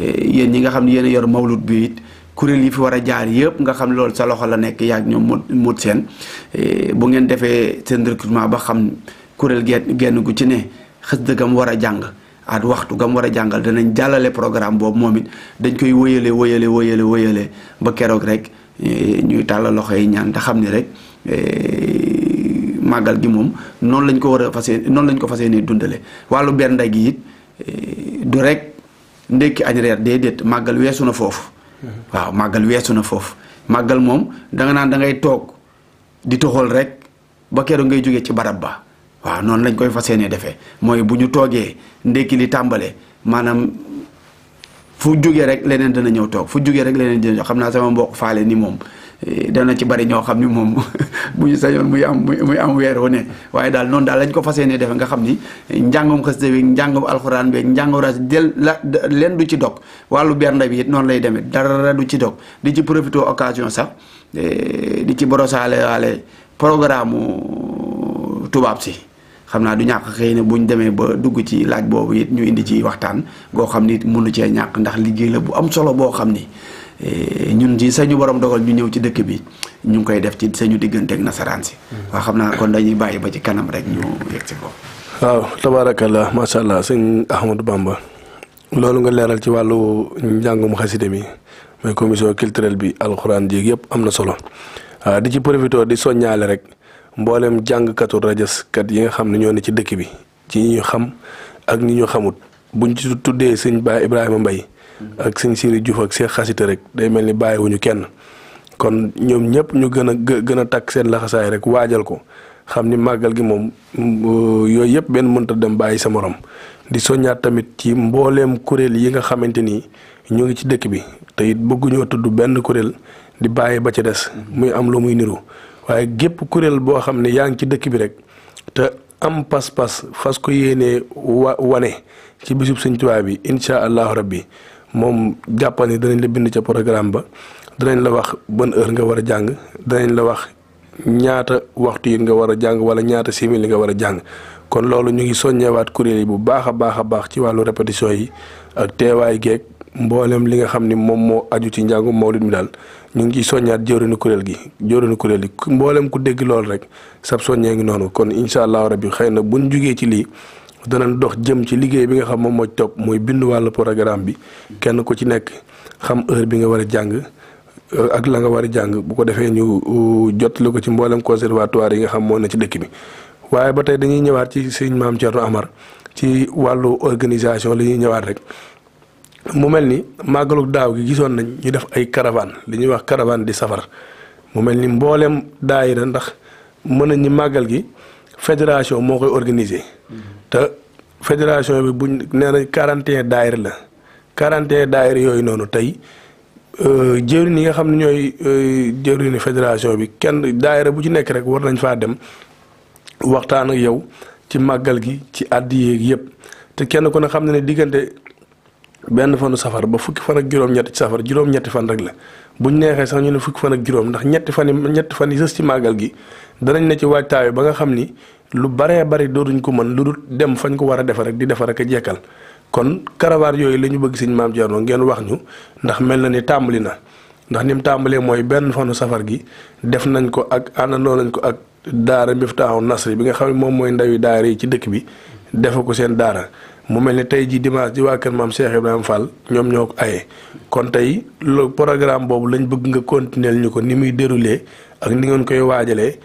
Speaker 2: yéen ñi nga xam ne yéen a yor mawlud bi it kuréel yi fi war a jaar yëpp nga xam loolu sa loxo la nekk yaag ñoom mot mot seen eh, bu ngeen defee seen recrutement ba xam kuréel genn genn gu ci ne xasida gam war a jàng at waxtu gam war a jàngal danañ jàllale programme boobu moom it dañ koy wëyale wëyale wëyale wëyale ba keroog rek eh, ñuy tàllal loxo yi ñaan da xam ni rek eh, màggal gi moom noonu lañ ko war a fas yéene noonu lañ ko fasee yéene dundale wàllu benn gi it du rek ndekki añ reer déedéet màggal weesu na foofu waaw màggal weesu na foofu màggal moom da nga naan da ngay toog di toxal rek ba keroog ngay jógee ci barab ba waaw noonu lañ koy fas yéene defee mooy bu ñu toogee ndékki li tàmbale maanaam fu jógee rek leneen dana ñëw toog fu jógee rek leneen dina ñëw xam naa sama mbokk faale ni moom Eh, dana ci bari ñoo xam ni moom bu ñu sañoon muy am muy am weer wu ne waaye daal noonu daal lañ ko fas yéene defe nga xam ni njàngum xasida bi njàngum alxuraan bi njàngum raas del leen du ci dog wàllu bernda bi it noonu lay demee dara du ci dog di ci profité occasion sax eh, di ci borosaale waale programme tubaab si xam naa du ñàkk xëy na buñ demee ba dugg ci laaj boobu it ñu indi ci waxtaan goo xam ni mënu cee ñàkk ndax liggéey la bu am solo boo xam ni Eh, ñun ji sañu borom dogal ñu ñëw ci dëkk bi ñu ngi koy def ci sañu diggante ak nasaraan si. Mm. waaw xam naa kon dañuy bàyyi ba ci kanam rek ñu yegg si ko. waaw tabaarakallah macha allah sëñ Ahmadou Bamba loolu nga leeral ci wàllu
Speaker 1: njàngum xaside mi mooy commission culturelle bi alxuraan jéeg yëpp am na solo ah, di ci profité di soññaale rek mboolem jàngkatu rajaskat yi nga xam ne ñoo ne ci dëkk bi ci ñu xam ak ñi ñu xamut buñ ci tuddee sëñ Ba Ibrahima Mbaye ak sëñ Siri Diouf ak Cheikh Xasita rek day mel ni bàyyiwuñu kenn kon ñoom ñëpp ñu gën a gën a takk seen laxasaay rek waajal ko xam ni màggal gi moom euh, yooyu yëpp benn mënta dem bàyyi sa morom di soññaat tamit ci mbooleem kuréel yi nga xamante ni ñu ngi ci dëkk bi te it bëgguñoo tudd benn kuréel di bàyyi ba ci des muy am lu muy niru waaye gépp kuréel boo xam ne yaa ngi ci dëkk bi rek te am pas-pas fas ko yéene wa wane ci bisub Sëñ Tuubaa bi incha allahu rabbi moom jàppal ni danañ la bind ca programme ba danañ la wax ban heure nga war a jàng danañ la wax ñaata waxtu yi nga war a jàng wala ñaata simili nga war a jàng kon loolu ñu ngi soññewaat kuréel yi bu baax a baax a baax ci wàllu répétition yi ak teewaay geeg mboolem li nga xam ni moom moo aju ci njàngu mawlid mi daal ñu ngi ciy soññaat jëwrinu kuréel gi jëwrinu kuréel yi mbooleem ku dégg lool rek sab soññee ngi noonu kon incha allahu rabbi xëy na buñ jugee ci lii danañ dox jëm ci liggéey bi nga xam moom mooy topp mooy bindu wàllu programme bi kenn ku ci nekk xam heure bi nga war a jàng euh, ak la nga war a jàng bu ko defee ñu euh, jotali ko ci mboolem conservatoire yi nga xam moom ne ci dëkk bi. waaye ba tey dañuy ñëwaat ci sëñ maam Thierno Amar ci wàllu organisation li ñuy ñëwaat rek mu mel ni màggalu daaw gi gisoon nañ ñu def ay caravane li ñuy wax caravane di safar mu mel ni mboolem daayira ndax mën nañ ñi màggal gi fédération moo koy organiser. te fédération bi buñ nee na 41 daayir la 41 daayir yooyu noonu tey euh, jëwriñ yi nga xam ne ñooy euh, jëwriñu fédération bi kenn daayira bu ci nekk rek war nañ faa dem waxtaan ak yow ci màggal gi ci àddi yeeg yëpp te kenn ku ne xam ne ne diggante benn fanu safar ba fukki fan ak juróom-ñetti safar juróom-ñetti fan rek la buñ neexee sax ñu ne fukki fan ak juróom ndax ñetti fan yi fan sës ci màggal gi danañ ne ci waajtaay ba nga xam ni lu baree bari dootuñ ko mën lu dul dem fañ ko war a defar rek di defar ak a jekkal kon karawaar yooyu la ñu bëgg sëñ maam Thierno ngeen wax ñu ndax mel na ni tàmbali na ndax ni mu tàmbalee mooy benn fanu safar gi def nañ ko ak àndandoo nañ ko ak daara Miftaahu Nasri bi nga xam ne moom mooy ndawi daara yi ci dëkk bi defe ko seen daara mu mel ne tey jii dimanche ji waa kër maam Cheikh Ibrahima Fall ñoom ñoo ko aye kon tey loolu programme boobu lañ bëgg nga continuer ñu ko ni muy déroulé ak ni ngeen koy waajalee.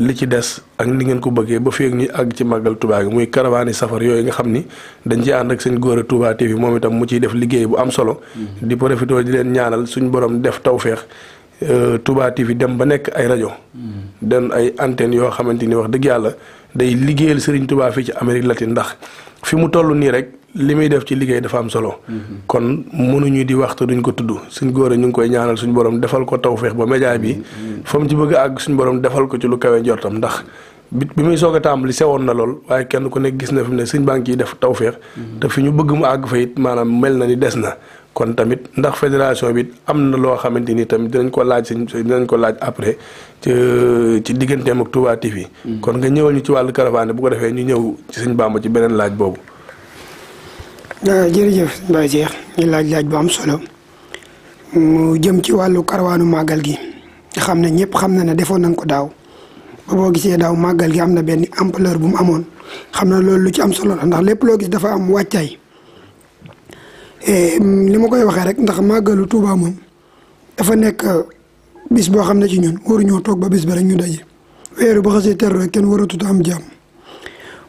Speaker 1: li ci des ak ni ngeen ko bëggee ba feeg ñuy àgg ci màggal Touba gi muy karavaani safar yooyu nga xam ni dañ ci ànd ak seen góor a Touba TV moom itam mu ciy def liggéey bu am solo. Mm-hmm. di profité di leen ñaanal suñu borom def tawféex euh, Touba TV dem ba nekk ay rajo. Mm-hmm. dem ay antenne yoo xamante ni wax dëgg yàlla. day liggéeyal Serigne Touba fii ci Amérique latine ndax fi mu toll nii rek li muy def ci liggéey dafa am solo. Mhm. kon mënuñu di waxtu duñ ko tudd suñ góor ñu ngi koy ñaanal suñu borom defal ko tawféex ba média bi. Mhm. Mhm. fa mu ci bëgg àgg suñu borom defal ko ci lu kawe njortam ndax. bi bi muy soog a tàmbali sewoon na lool waaye kenn ku nekk gis na fi mu ne suñ banque yi def tawféex. te fi ñu bëgg mu àgg fa it maanaam mel na ni des na. kon tamit ndax fédération bi am na loo xamante ni tamit danañ ko laaj si dinañ ko laaj après ci ci digganteem ak Touba fi mm. kon nga ñëwal ñu ci wàllu caravane bu ko defee ñu ñëw ci sëñ ci beneen laaj boobu.
Speaker 3: Ah, jërëjëf Mbaye Cheikh ñu laaj laaj bu solo jëm ci wàllu karawaanu màggal gi xam ne ñëpp xam na ne defoon nañ ko daaw ba boo gisee daaw màggal gi am na benn ampleur bu mu amoon xam na loolu lu ci am solo ndax lépp loo gis dafa am wàccaay. li eh, ma koy waxee rek ndax màggalu Tuuba moom dafa nekk bis boo xam ne ci ñun waruñoo toog ba bis ba rek ñu daje. weeru boo xasee teru rek kenn waratut am jàmm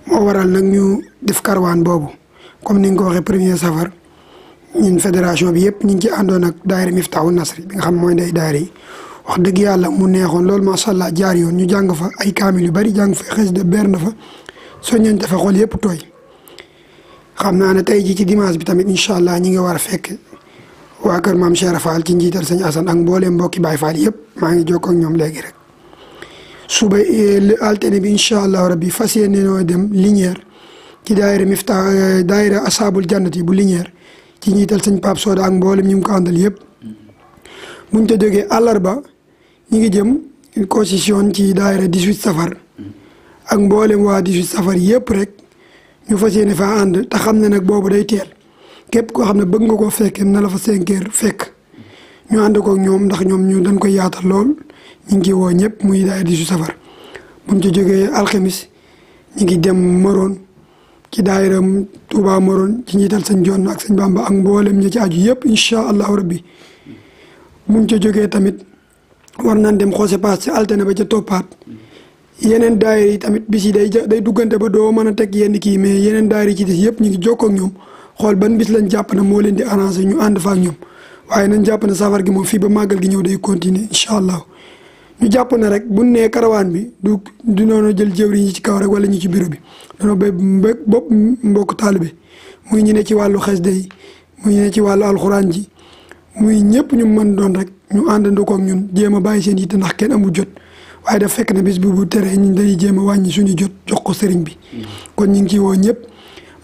Speaker 3: moo waral nag ñu def karwaan boobu comme ni nga ko waxee premier safar ñun fédération bi yëpp ñu ngi ci àndoon ak daayira Miftahu Nasri bi nga xam mooy ndey daayira wax dëgg yàlla mu neexoon loolu macha sallah jaar yoon ñu jàng fa ay kaamil yu bari jàng fa xës de berne fa soññante fa xol yëpp tooy. xam naa ne tey jii ci dimanche bi tamit incha allah ñi ngi war a fekk waa kër maam Cheikh Fall ci njiital sëñ Assane ak mbooleem mbokki Baye Fall yëpp maa ngi jokkoo ak ñoom léegi rek suba eh, altine bi incha allah rabbi fas yéene noo dem Linière ci daayira Mifta eh, daayira Asaabul Jannati bu Linière ci njiital sëñ Pape Soda ak mboolem ñu ngi ko àndal yëpp buñ te jógee àllarba ñi ngi jëm constitution ci daayira 18 safar ak mboolem waa 18 safar yëpp rek. ñu fas yéene faa ànd te xam ne nag boobu day teel képp koo xam ne bëgg nga koo fekkee na la fa cinq heures fekk ñu ànd kook ñoom ndax ñoom ñu dañ koy yaatal lool ñu ngi ciy woo ñëpp muy daay di su safar buñ ci jógee alxemis ñu ngi dem Morone ci daayiram Touba Morone ci njiital sañ Joon ak sëñ Bamba ak mboolem ñi ci aju yëpp incha allahu rabbi buñ ca jógee tamit war nañ dem xoose paas ci altine ba ca toppaat yeneen daayira yi tamit bis yi day day duggante ba doo mën a teg yenn kii mais yeneen daayira yi ci des yëpp ñu ngi jokkoo ak ñoom xool ban bis lañ jàpp ne moo leen di arrangé ñu ànd ak ñoom waaye nañ jàpp ne safar gi moom fii ba màggal gi ñëw day continuer incha allah ñu jàpp ne rek bu nee karawaan bi du du noonu jël jëwriñ yi ci kaw rek wala ñu ci bureau bi noonu ba bopp mbokk taalibe muy ñu ci wàllu xasida yi muy ñu ci wàllu alxuraan ji muy ñëpp ñu mën doon rek ñu àndandoo ko ñun jéem a bàyyi seen yitte ndax kenn amul jot waaye daf fekk ne bis bu bu teree ñun dañuy jéem a wàññi suñu jot jox ko sëriñ bi. kon ñu ngi ciy woo ñëpp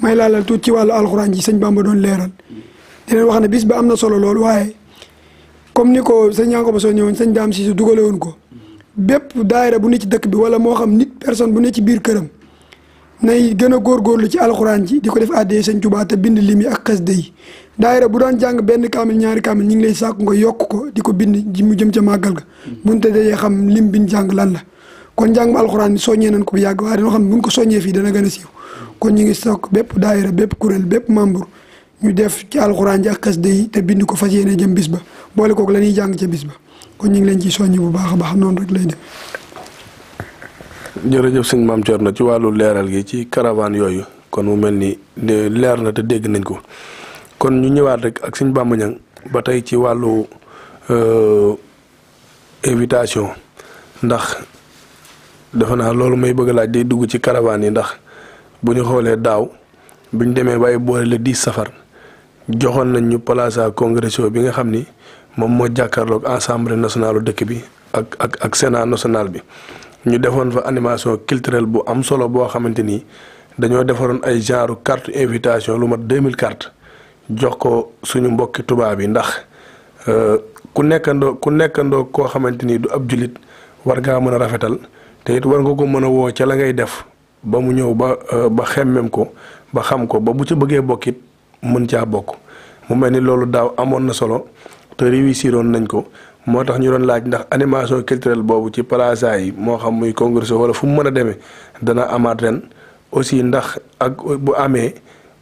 Speaker 3: may laalal tuuti ci wàllu alxuraan ji sëñ Bamba doon leeral. di wax na bis bi am na solo lool waaye comme ni ko sëñ Yankoba soo ñëwoon sëñ Dame si dugale woon ko bépp daayira bu ne ci dëkk bi wala moo xam nit personne bu ne ci biir këram. nay gën a góorgóorlu ci alxuraan ji di ko def àddee sëñ Tuubaa te bind limi ak xasida yi daayira bu daan jàng benn kaamil ñaari kaamil ñu ngi lay sàkku nga yokk ko di ko bind mu jëm ca màggal ga buñ te dajee xam lim jàng lan la kon jàng alxuraan bi soññee nañ ko bu yàgg waaye dañoo xam ne buñ ko soññee fii dana gën a siiw kon ñu ngi sàkk bépp daayira bépp kuréel bépp membre ñu def ci alxuraan ji ak xasida yi te bind ko fas yéene jëm bis ba boole kook la ñuy jàng ca bis ba kon ñu ngi leen ciy soññ bu baax a baax noonu rek lay
Speaker 2: def
Speaker 1: jërëjëf sëñ maam Thierno ci wàllu leeral gi ci caravane yooyu kon mu mel ni leer na te dégg nañ ko kon ñu ñëwaat rek ak sëñ Bamba Ñaŋ ba tey ci wàllu euh, invitation ndax defe naa loolu may bëgg laaj day dugg ci caravane yi ndax bu ñu xoolee daaw bu ñu demee waaye boole le dix safar joxoon nañ ñu plaza congresso bi nga xam ni moom moo jàkkaarloog assemblée nationalu dëkk bi ak ak ak sénat national bi. ñu defoon fa animation culturelle bu am solo boo xamante ni dañoo defaroon ay genre carte invitation lu mat mille cartes jox ko suñu mbokki tubaab yi ndax euh, ku nekkandoo ku nekkandoo koo xamante ni du ab jullit war ngaa mën a rafetal te it war nga ko mën a woo ca la ngay def ba mu ñëw ba euh, ba xemmem ko ba xam ko ba bu ci bëggee bokkit mën caa bokk mu mel ni loolu daaw amoon na solo te réussiroon nañ ko moo tax ñu doon laaj ndax animation culturelle boobu ci plaza yi moo xam muy congrès wala fu mu mën a demee dana amaat ren aussi ndax ak bu amee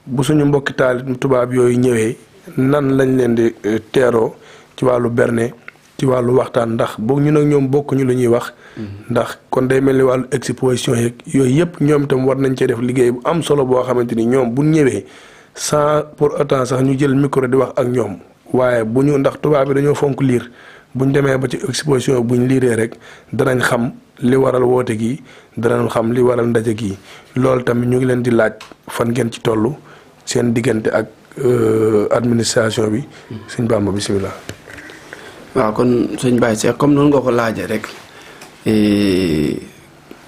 Speaker 1: bu suñu mbokki taal tubaab yooyu ñëwee nan lañ leen di euh, teeroo ci wàllu berne ci wàllu waxtaan ndax boog ñun ak ñoom bokkuñu lu ñuy wax. Mm-hmm. ndax kon day mel ni wàllu exposition yeeg yooyu yëpp ñoom tam war nañ cee def liggéey bu am solo boo xamante ni ñoom bu ñëwee sans pour autant sax ñu jël micro di wax ak ñoom waaye bu ndax tubaab bi dañoo fonk liir. buñ demee ba ci exposition ñu liiree rek danañ xam li waral woote gi danañ xam li waral ndaje gi loolu tamit ñu ngi leen di laaj fan ngeen ci toll seen diggante ak euh, administration bi. suñ
Speaker 2: sëñ Bamba bisimilah. waa kon sëñ Baye Cheikh comme noonu nga ko laajee rek e,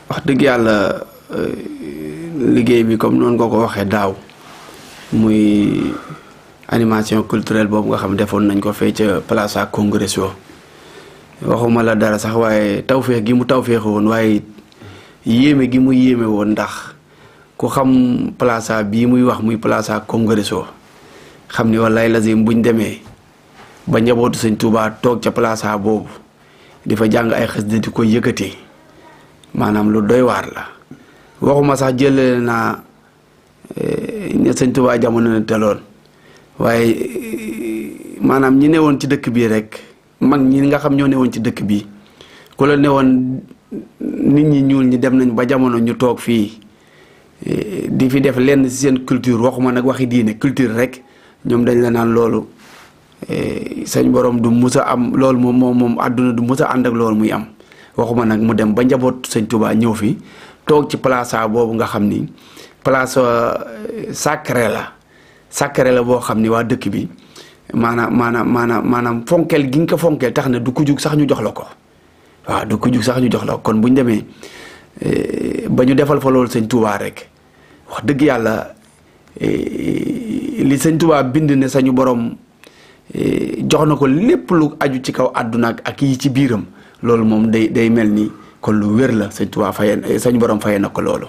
Speaker 2: wax dëgg yàlla e, liggéey bi comme noonu nga ko waxee daaw muy animation culturelle boobu nga xam defoon nañ ko fee ca place à congrès waxuma la dara sax waaye tawféex gi mu tawféexe woon waaye yéeme gi mu yéeme woon ndax ku xam plaza bii muy wax muy plaza congresso xam ni wallaay lazim buñ demee ba njabootu sëñ Tuubaa toog ca plaza boobu di fa jàng ay xasida di ko yëkkati maanaam lu doy waar la waxuma sax jëlale naa eh, ne sëñ Tuubaa jamono ne teloon waaye eh, maanaam ñi ne woon ci dëkk bii rek mag ñi nga xam ñoo ne newoon ci dëkk bi ku la woon nit ñi ñuul ñi dem nañ ba jamono ñu toog fii e, di fi def lenn ci seen culture waxuma nag waxi diine culture rek ñoom dañ la naan loolu e, sañ borom du mus a am loolu moom moom àdduna du mus a ànd ak loolu muy am waxuma nag mu dem ba njaboot sëñ Tuubaa ñëw fi toog ci place boobu nga xam ni place sacré la sacré la boo xam ni waa dëkk bi maanaam maanaam maanaam maanaam fonkel gi nga ko fonkel tax na du ko jug sax ñu jox la ko waaw du ko jug sax ñu jox la ko kon bu ñu demee eh, ba ñu defal fa loolu sëñ Touba rek wax dëgg yàlla eh, li sëñ Touba bind ne sañu borom eh, jox na ko lépp lu aju ci kaw àdduna ak yi ci biiram loolu moom day day mel ni kon lu wér la sëñ Touba faye sañu borom faye na ko loolu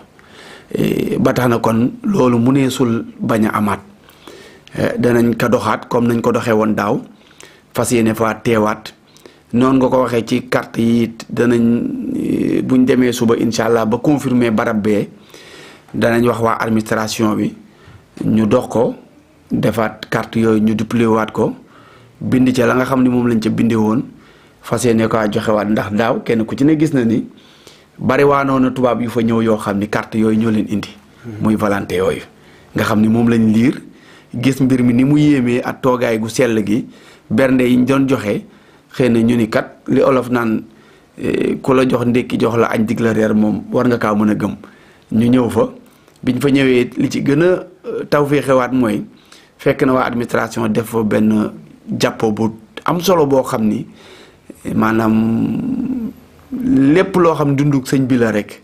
Speaker 2: ba tax na kon loolu mu neesul bañ a amaat. Eh, danañ ko doxaat comme nañ ko doxee woon daaw fas yéene faa teewaat noonu nga ko waxee ci carte yi danañ eh, buñ demee suba incha allah ba confirmer barab bee danañ wax waa administration bi ñu dox ko defaat carte yooyu ñu duplier waat ko bind ca la nga xam ni moom lañ ca bindee woon fas yéene ko joxewaat ndax daaw kenn ku ci ne gis na ni bari waanoon na tubaab yu fa ñëw yoo xam ni carte yooyu ñoo leen indi. Hmm. muy volonté yooyu. nga xam ni moom lañ liir gis mbir mi ni mu yéemee ak toogaay gu sell gi bernde yi ñu doon joxe xëy na ñu ni kat li olof naan eh, ku la jox ndékki jox la añ dig la reer moom war nga kaa mën a gëm ñu ñëw fa biñ fa ñëwee li ci gën a eh, taw fii xewaat mooy fekk na waa administration def fa benn jàppo bu am solo boo xam ni eh, maanaam lépp loo xam dunduk sëñ bi la rek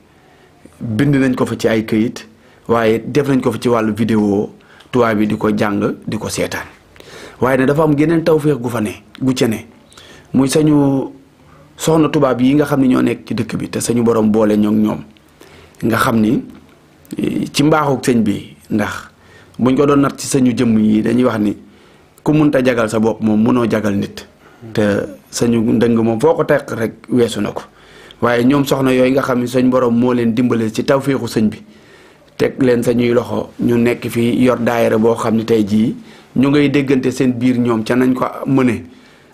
Speaker 2: bind nañ ko fa ci ay këyit waaye def nañ ko fa ci wàllu vidéo tubaab yi di ko jàng di ko seetaan waaye ne dafa am geneen tawféex gu fa ne gu ca ne muy sañu soxna tubaab yi nga xam ne ñoo nekk ci dëkk bi te sañu borom boole ñoom nga xam ni ci mbaaxu sëñ bi ndax buñ ko doon nat ci sañu jëmm yi dañuy wax ni ku munta jagal sa bopp moom munoo jagal nit. te sañu ndëng moom foo ko teq rek weesu na ko waaye ñoom soxna yooyu nga xam ne sañ borom moo leen dimbale ci tawféexu sëñ bi. teg leen sa ñuy loxo ñu nekk fii yor daayira boo xam ne tey jii ñu ngay déggante seen biir ñoom ca nañ ko mëne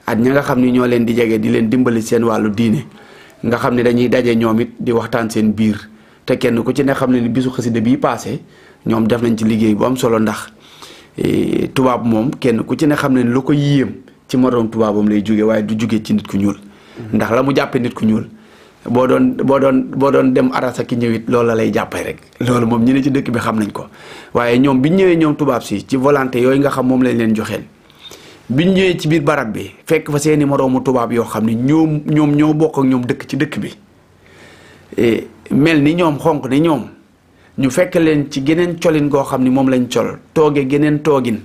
Speaker 2: ak ña nga xam ni ñoo leen di jege di leen dimbali seen wàllu diine nga xam ne dañuy daje ñoom it di waxtaan seen biir te kenn ku ci ne xam ne ni bisu xasida bi paase ñoom def nañ ci liggéey bu am solo ndax e, tubaab moom kenn ku ci ne xam ne lu ko yéem ci moroom tubaabam lay jóge waaye du jóge ci nit ku ñuul ndax la mu jàppe nit ku ñuul boo doon boo doon boo doon dem arasa ki ñëwit loolu la lay jàppee rek loolu moom ñu ne ci dëkk bi xam nañ ko waaye ñoom biñ ñëwee ñoom tubaab si ci volonté yooyu nga xam moom lañ leen joxeel biñ ñëwee ci biir barab bi fekk fa seeni moroomu tubaab yoo xam ne ñoom ñoom ñoo bokk ak ñoom dëkk ci dëkk bi e, mel ni ñoom xonq ni ñoom ñu fekk leen ci geneen colin goo xam ni moom lañ col tooge geneen toogin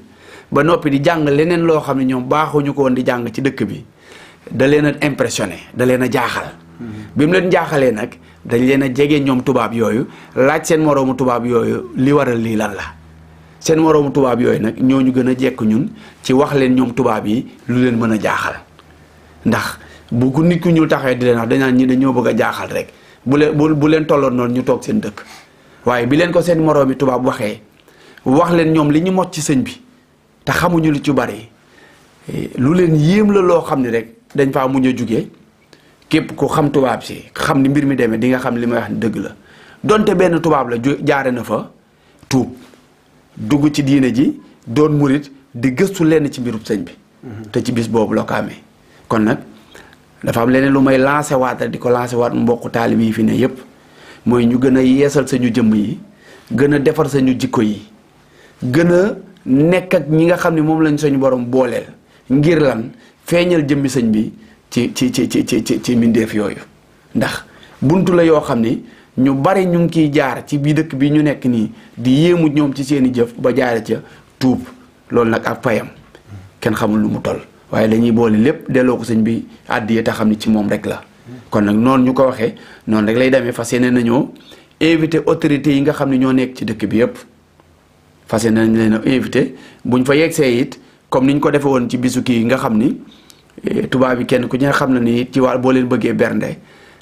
Speaker 2: ba noppi di jàng leneen loo xam ne ñoom baaxuñu ko woon di jàng ci dëkk bi da leen a impressionné da leen a jaaxal bi mu leen jaaxalee nag dañ leen a jege ñoom tubaab yooyu laaj seen moroomu tubaab yooyu li waral lii la seen moroomu tubaab yooyu nag ñooñu gën a jekk ñun ci wax leen ñoom tubaab yi lu leen mën a jaaxal ndax bu ku nit ku ñuul taxawee di leen wax dañ naan ñi dañoo bëgg a jaaxal rek bu leen bu bu leen tolloon noonu ñu toog seen dëkk waaye bi leen ko seen moroomi tubaab waxee wax leen ñoom li ñu mot ci sëñ bi te xamuñu lu ci bari lu leen yéem la loo xam ne rek dañ faa muñ a jugee képp ku xam tubaab si xam ni mbir mi demee di nga xam li may wax ni dëgg la donte benn tubaab la ju jaare na fa tuub dugg ci diine ji doon murit di gëstu lenn ci mbirub sëñ bi. Mhm. te ci bis boobu la ko amee. kon nag dafa am leneen lu may lancé waat rek di ko lancé waat mboqu taalib yi fi ne yëpp mooy ñu gën a yeesal sañu jëmm yi gën a defar sañu jikko yi gën a nekk ak ñi nga xam ne moom lañ sañu boroom booleel ngir lan feeñal jëmmi sëñ bi. ci ci ci ci ci ci mbindeef yooyu ndax bunt la yoo xam ni ñu bari ñu ngi kiy jaar ci bi dëkk bi ñu nekk nii di yéemu ñoom ci seeni jëf ba jaare ca tuub loolu nag ak payam kenn xamul lu mu toll waaye lañuy boole lépp delloo ko sëñ bi àddiya te xam ni ci moom rek la kon nag noonu ñu ko waxee noonu rek lay demee fas yéene nañoo invité autorités yi nga xam ne ñoo nekk ci dëkk bi yëpp fas yéene nañ leen a invité buñ fa yegsee it comme niñ ko defee woon ci bisu kii nga xam ni tubaab bi kenn ku ci nga xam na nii ci wàll boo leen bëggee bernde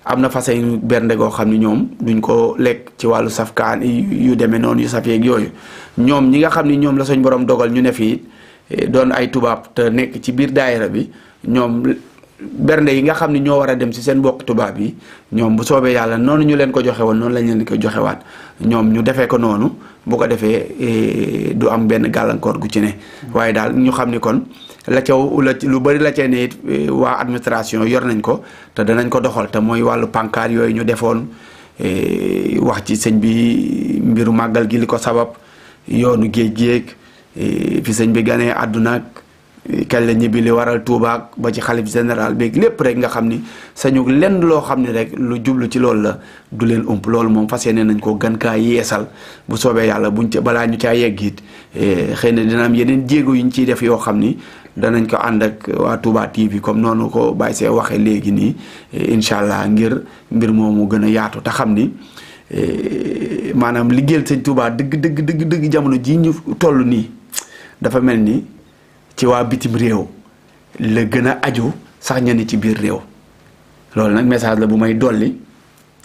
Speaker 2: am na façon yu bernde goo xam ne ñoom duñ ko lekk ci wàllu safkaan yu demee noonu yu saf yeeg yooyu ñoom ñi nga xam ni ñoom la suñ borom dogal ñu ne fii eh, doon ay tubaab te nekk ci biir daayira bi ñoom bernde yi nga xam ne ñoo war a dem si seen bokk tubaab yi ñoom bu soobee yàlla noonu ñu leen ko joxe woon noonu lañ leen ko joxe waat ñoom ñu defee ko noonu bu ko defee eh, du am benn gàllankoor gu ci ne mm. waaye daal ñu xam ni kon la caw lu bari la cee ne it eh, waa administration yor nañ ko te danañ ko doxal te mooy wàllu pànkaar yooyu ñu defoon eh, wax ci sëñ bi mbiru màggal gi li ko sabab yoonu géej géej eh, fi sëñ bi ganee àdduna kañ la ñibbi li waral tuubaak ba ci xalif général beeg lépp rek nga xam ni sañu lenn loo xam ni rek lu jublu ci loolu la du leen ump loolu moom fas yéene nañ ko gën kaa yeesal bu soobee yàlla buñ ci balaa ñu caa yegg it xëy na dina am yeneen jéego yuñ ciy def yoo xam ni danañ ko ànd ak waa Touba TV comme noonu ko Baye see waxee léegi nii incha allah ngir mbir moomu gën a yaatu te xam ni e, maanaam liggéeyal sëñ Touba dëgg dëgg dëgg dëgg jamono jii ñu toll nii dafa mel ni ci waa bitim réew la gën a aju sax ni ci biir réew loolu nag message la bu may dolli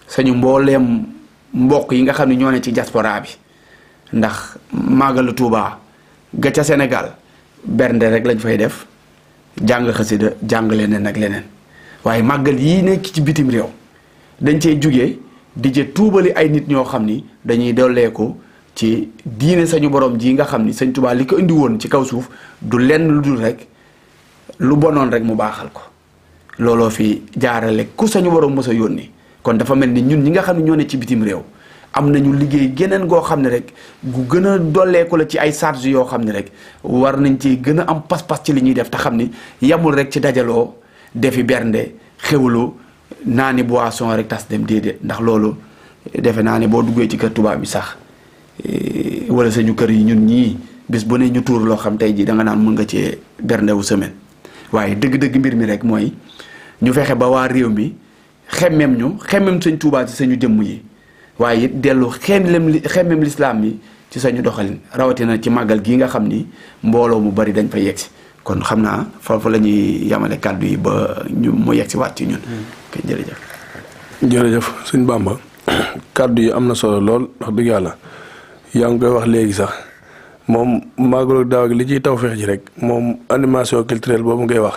Speaker 2: sañu mbooleem mbokk yi nga xam ne ñoo ne ci diaspora bi ndax màggalu Touba ga ca Sénégal bernde rek lañ fay def jàng xasida jàng leneen ak leneen waaye màggal yi nekk ci bitim réew dañ cee jugee di tuubali ay nit ñoo xam ni dañuy ko ci diine sañu borom ji nga xam ni Sëñ Tuubaa li ko indi woon ci kaw suuf du lenn lu dul rek lu bonoon rek mu baaxal ko looloo fi jaarale ku sañu borom mës a yónni kon dafa mel ni ñun ñi nga xam ne ñoo ne ci bitim réew am nañu liggéey geneen goo xam ne rek gu gën a dolleeku la ci ay charge yoo xam ne rek war nañ ci gën a am pas-pas ci li ñuy def te xam ni yamul rek ci dajaloo defi bernde xewlu naa ni boisson rek tas dem déedéet ndax loolu defe naa ne boo duggee ci kër tubaab bi sax eh, wala sañu kër yi ñun ñii bis bu ne ñu tuur loo xam tey jii da nga naan mën nga cee berndewu semaine waaye dëgg-dëgg mbir mi rek mooy ñu fexe ba waa réew mi xemmeem ñu xemmeem sëñ Tuubaa ci sañu jëmm yi waaye it dellu xeemlem xemmem lislaam mi ci sañu doxalin rawatina ci màggal gii nga xam ni mbooloo mu bari dañ fa yegsi kon xam naa foofu la ñuy yamale kàddu yi ba mu yegsi ci ñun hmm. jërëjëf
Speaker 1: jërëjëf suñ kàddu yi am na solo lool wax dëgg yàlla yaa ngi koy wax léegi sax moom màggalu daaw gi li ciy tawféex ji rek moom animation culturelle boobu ngay wax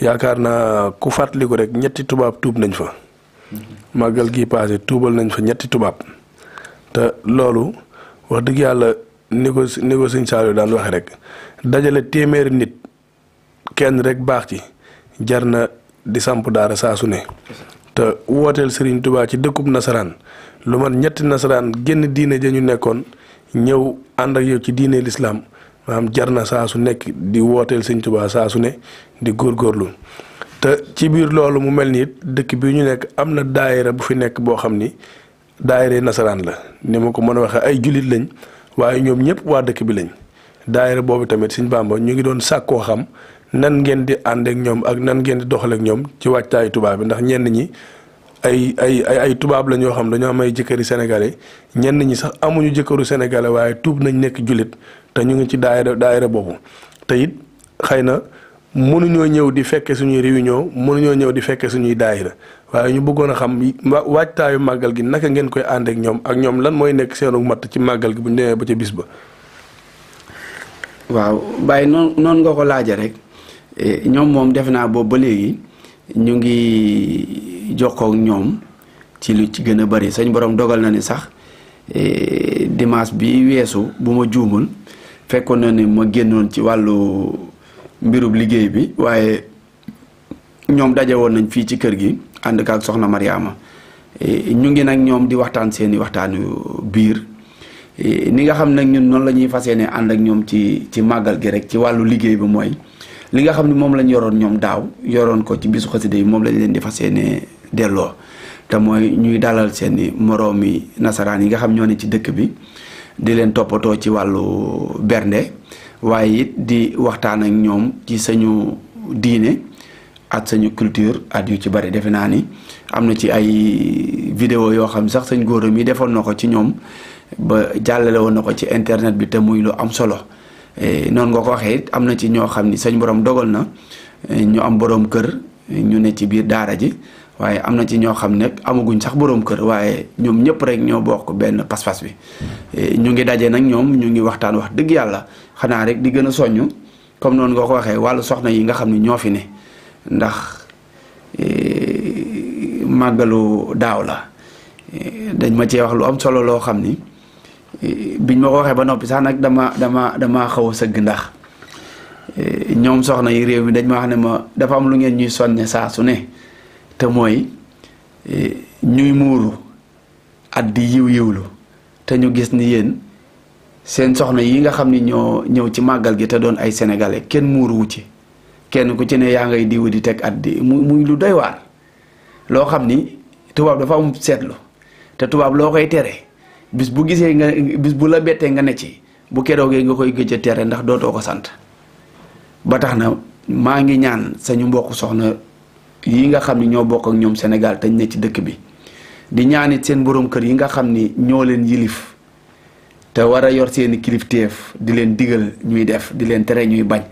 Speaker 1: yaakaar naa ku fàttaliku rek ñetti tubaab tuub nañ fa màggal gi paase tuubal nañ fa ñetti tubaab te loolu wax dëgg yàlla ni ko ni ko sëñ saalo daan waxee rek dajale téeméeri nit kenn rek baax ci jar na di samp daara saa su ne te wooteel Serigne tubaab ci dëkkub nasaraan lu man ñetti nasaraan génn diine ja ñu nekkoon ñëw ànd ak yow ci diine lislaam maanaam jar na saa su nekk di wooteel Serigne Touba saa su ne di góor góorlu te ci biir loolu mu mel ni dëkk bi ñu nekk am na daayira bu fi nekk boo xam ni daayira nasaraan la ni ma ko mën a waxee ay jullit lañ waaye ñoom ñëpp waa dëkk bi lañ daayira boobu tamit Sëñ Bàmba ñu ngi doon sàkkoo xam nan ngeen di ànd ñoom ak nan ngeen di doxaleek ñoom ci wàccaayu tubaab bi ndax ñenn ñi ay ay ay ay tubaab la ñoo xam dañoo am ay jëkkëri sénégalais ñenn ñi sax amuñu jëkkëru sénégalais waaye tuub nañ nekk jullit te ñu ngi ci daayira daayira boobu te xëy na mënuñoo ñëw di fekkee suñuy réunion mënuñoo ñëw di fekkee suñuy daayira waaye ñu bëggoon a xam waajtaayu màggal gi naka ngeen koy ànd ak ñoom ak ñoom lan mooy nekk matt ci màggal gi bu ñu demee ba ca
Speaker 2: bis ba. bàyyi noonu noonu nga ko laaja rek e, ñoom moom defe naa boobu ba léegi ñu ngi jokkook ñoom ci lu ci gën a bari sañ borom dogal na ni sax e, dimanche bi weesu bu ma juumul fekkoon na ni ma génnoon ci wàllu. mbirub liggéey bi waaye ñoom daje woon nañ fii ci kër gi ànd ak soxna Mariama e, ñu ngi nag ñoom di waxtaan seeni waxtaanu biir e, ni nga xam nag ñun noonu la ñuy fas yéene ànd ak ñoom ci ci màggal gi rek ci wàllu liggéey bi mooy li nga xam ne moom lañ yoroon ñoom daaw yoroon ko ci bisu xasida yi moom lañ leen di fas yéene delloo te mooy ñuy dalal seeni moroomi nasaraan yi nga xam ñoo ne ci dëkk bi di leen toppatoo ci wàllu bernde waaye it di waxtaan ak ñoom ci sañu diine ak sañu culture at yu ci bari defe naa ni am na ci ay vidéo yoo xam sax sañ góor mi defoon na ko ci ñoom ba jàllale woon na ko ci internet bi te muy lu am solo e, noonu nga ko waxee am na ci ñoo xam ni sañ borom dogal na e, ñu am borom kër e, ñu ne ci biir daara ji waaye am na ci ñoo xam ne amaguñ sax boroom kër waaye ñoom ñëpp rek ñoo bokk benn pas-pas bi e, ñu ngi daje nag ñoom ñu ngi waxtaan wax dëgg yàlla xanaa rek di gën a soññ comme noonu nga ko waxee wàllu soxna yi nga xam ne ñoo fi ne ndax e, màggalu daaw la e, dañ ma cee wax lu am solo loo xam ni biñ ma waxee ba noppi sax nag dama dama dama xaw a sëgg ndax ñoom soxna yi réew mi dañ ma wax ne ma dafa am lu ngeen ñuy sonne saa su ne te mooy eh, ñuy muuru at di yiw yiwlu te ñu gis ni yéen seen soxna yi nga xam ni ñoo ñëw ci màggal gi te doon ay sénégalais kenn muuru wu ci kenn ku ci ne yaa ngay diw di teg at di mu muy lu doy waar loo xam ni tubaab dafa am seetlu te tubaab loo koy tere bis bu gisee nga bis bu la bettee nga ne ci bu keroogee nga koy gëj a tere ndax dootoo ko sant ba tax na maa ngi ñaan sañu mbokk soxna yi nga xam ni ñoo bokk ak ñoom Sénégal te ñu ne ci dëkk bi di ñaanit seen boroom kër yi nga xam ni ñoo leen yilif te war a yor seeni kilifteef di leen digal ñuy def di leen tere ñuy bañ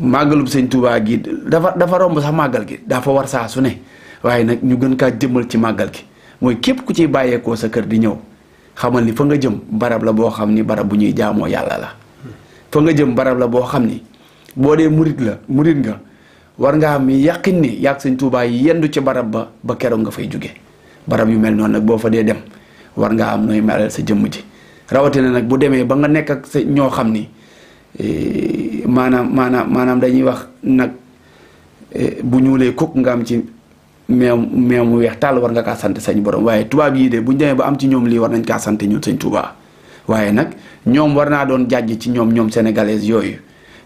Speaker 2: màggalub sëñ Tuubaa gi dafa dafa romb sax màggal gi dafa war saa su ne waaye nag ñu gën kaa jëmmal ci màggal gi mooy képp ku ciy bàyyeekoo sa kër di ñëw xamal ni fa nga jëm barab la boo xam ni barab bu ñuy jaamoo yàlla la fa nga jëm barab la boo xam ni boo dee murit la murit nga war nga am yàqin ni yàq sañ Tuubaa yi yendu ci barab ba ba keroog nga fay jóge barab yu mel noonu nag boo fa dee dem war nga am nooy melal sa jëmm ji rawatina nag bu demee ba nga nekk ak sa ñoo xam ni e, maanaam maanaam maanaam dañuy wax nag e, bu ñuulee kukk nga am ci meew meew mu weex tàll war nga kaa sant sañ borom waaye tubaab yii bu demee ba am ci ñoom lii war nañ kaa sante ñun sëñ Tuubaa waaye nag ñoom war naa doon jàjj ci ñoom ñoom sénégalais yooyu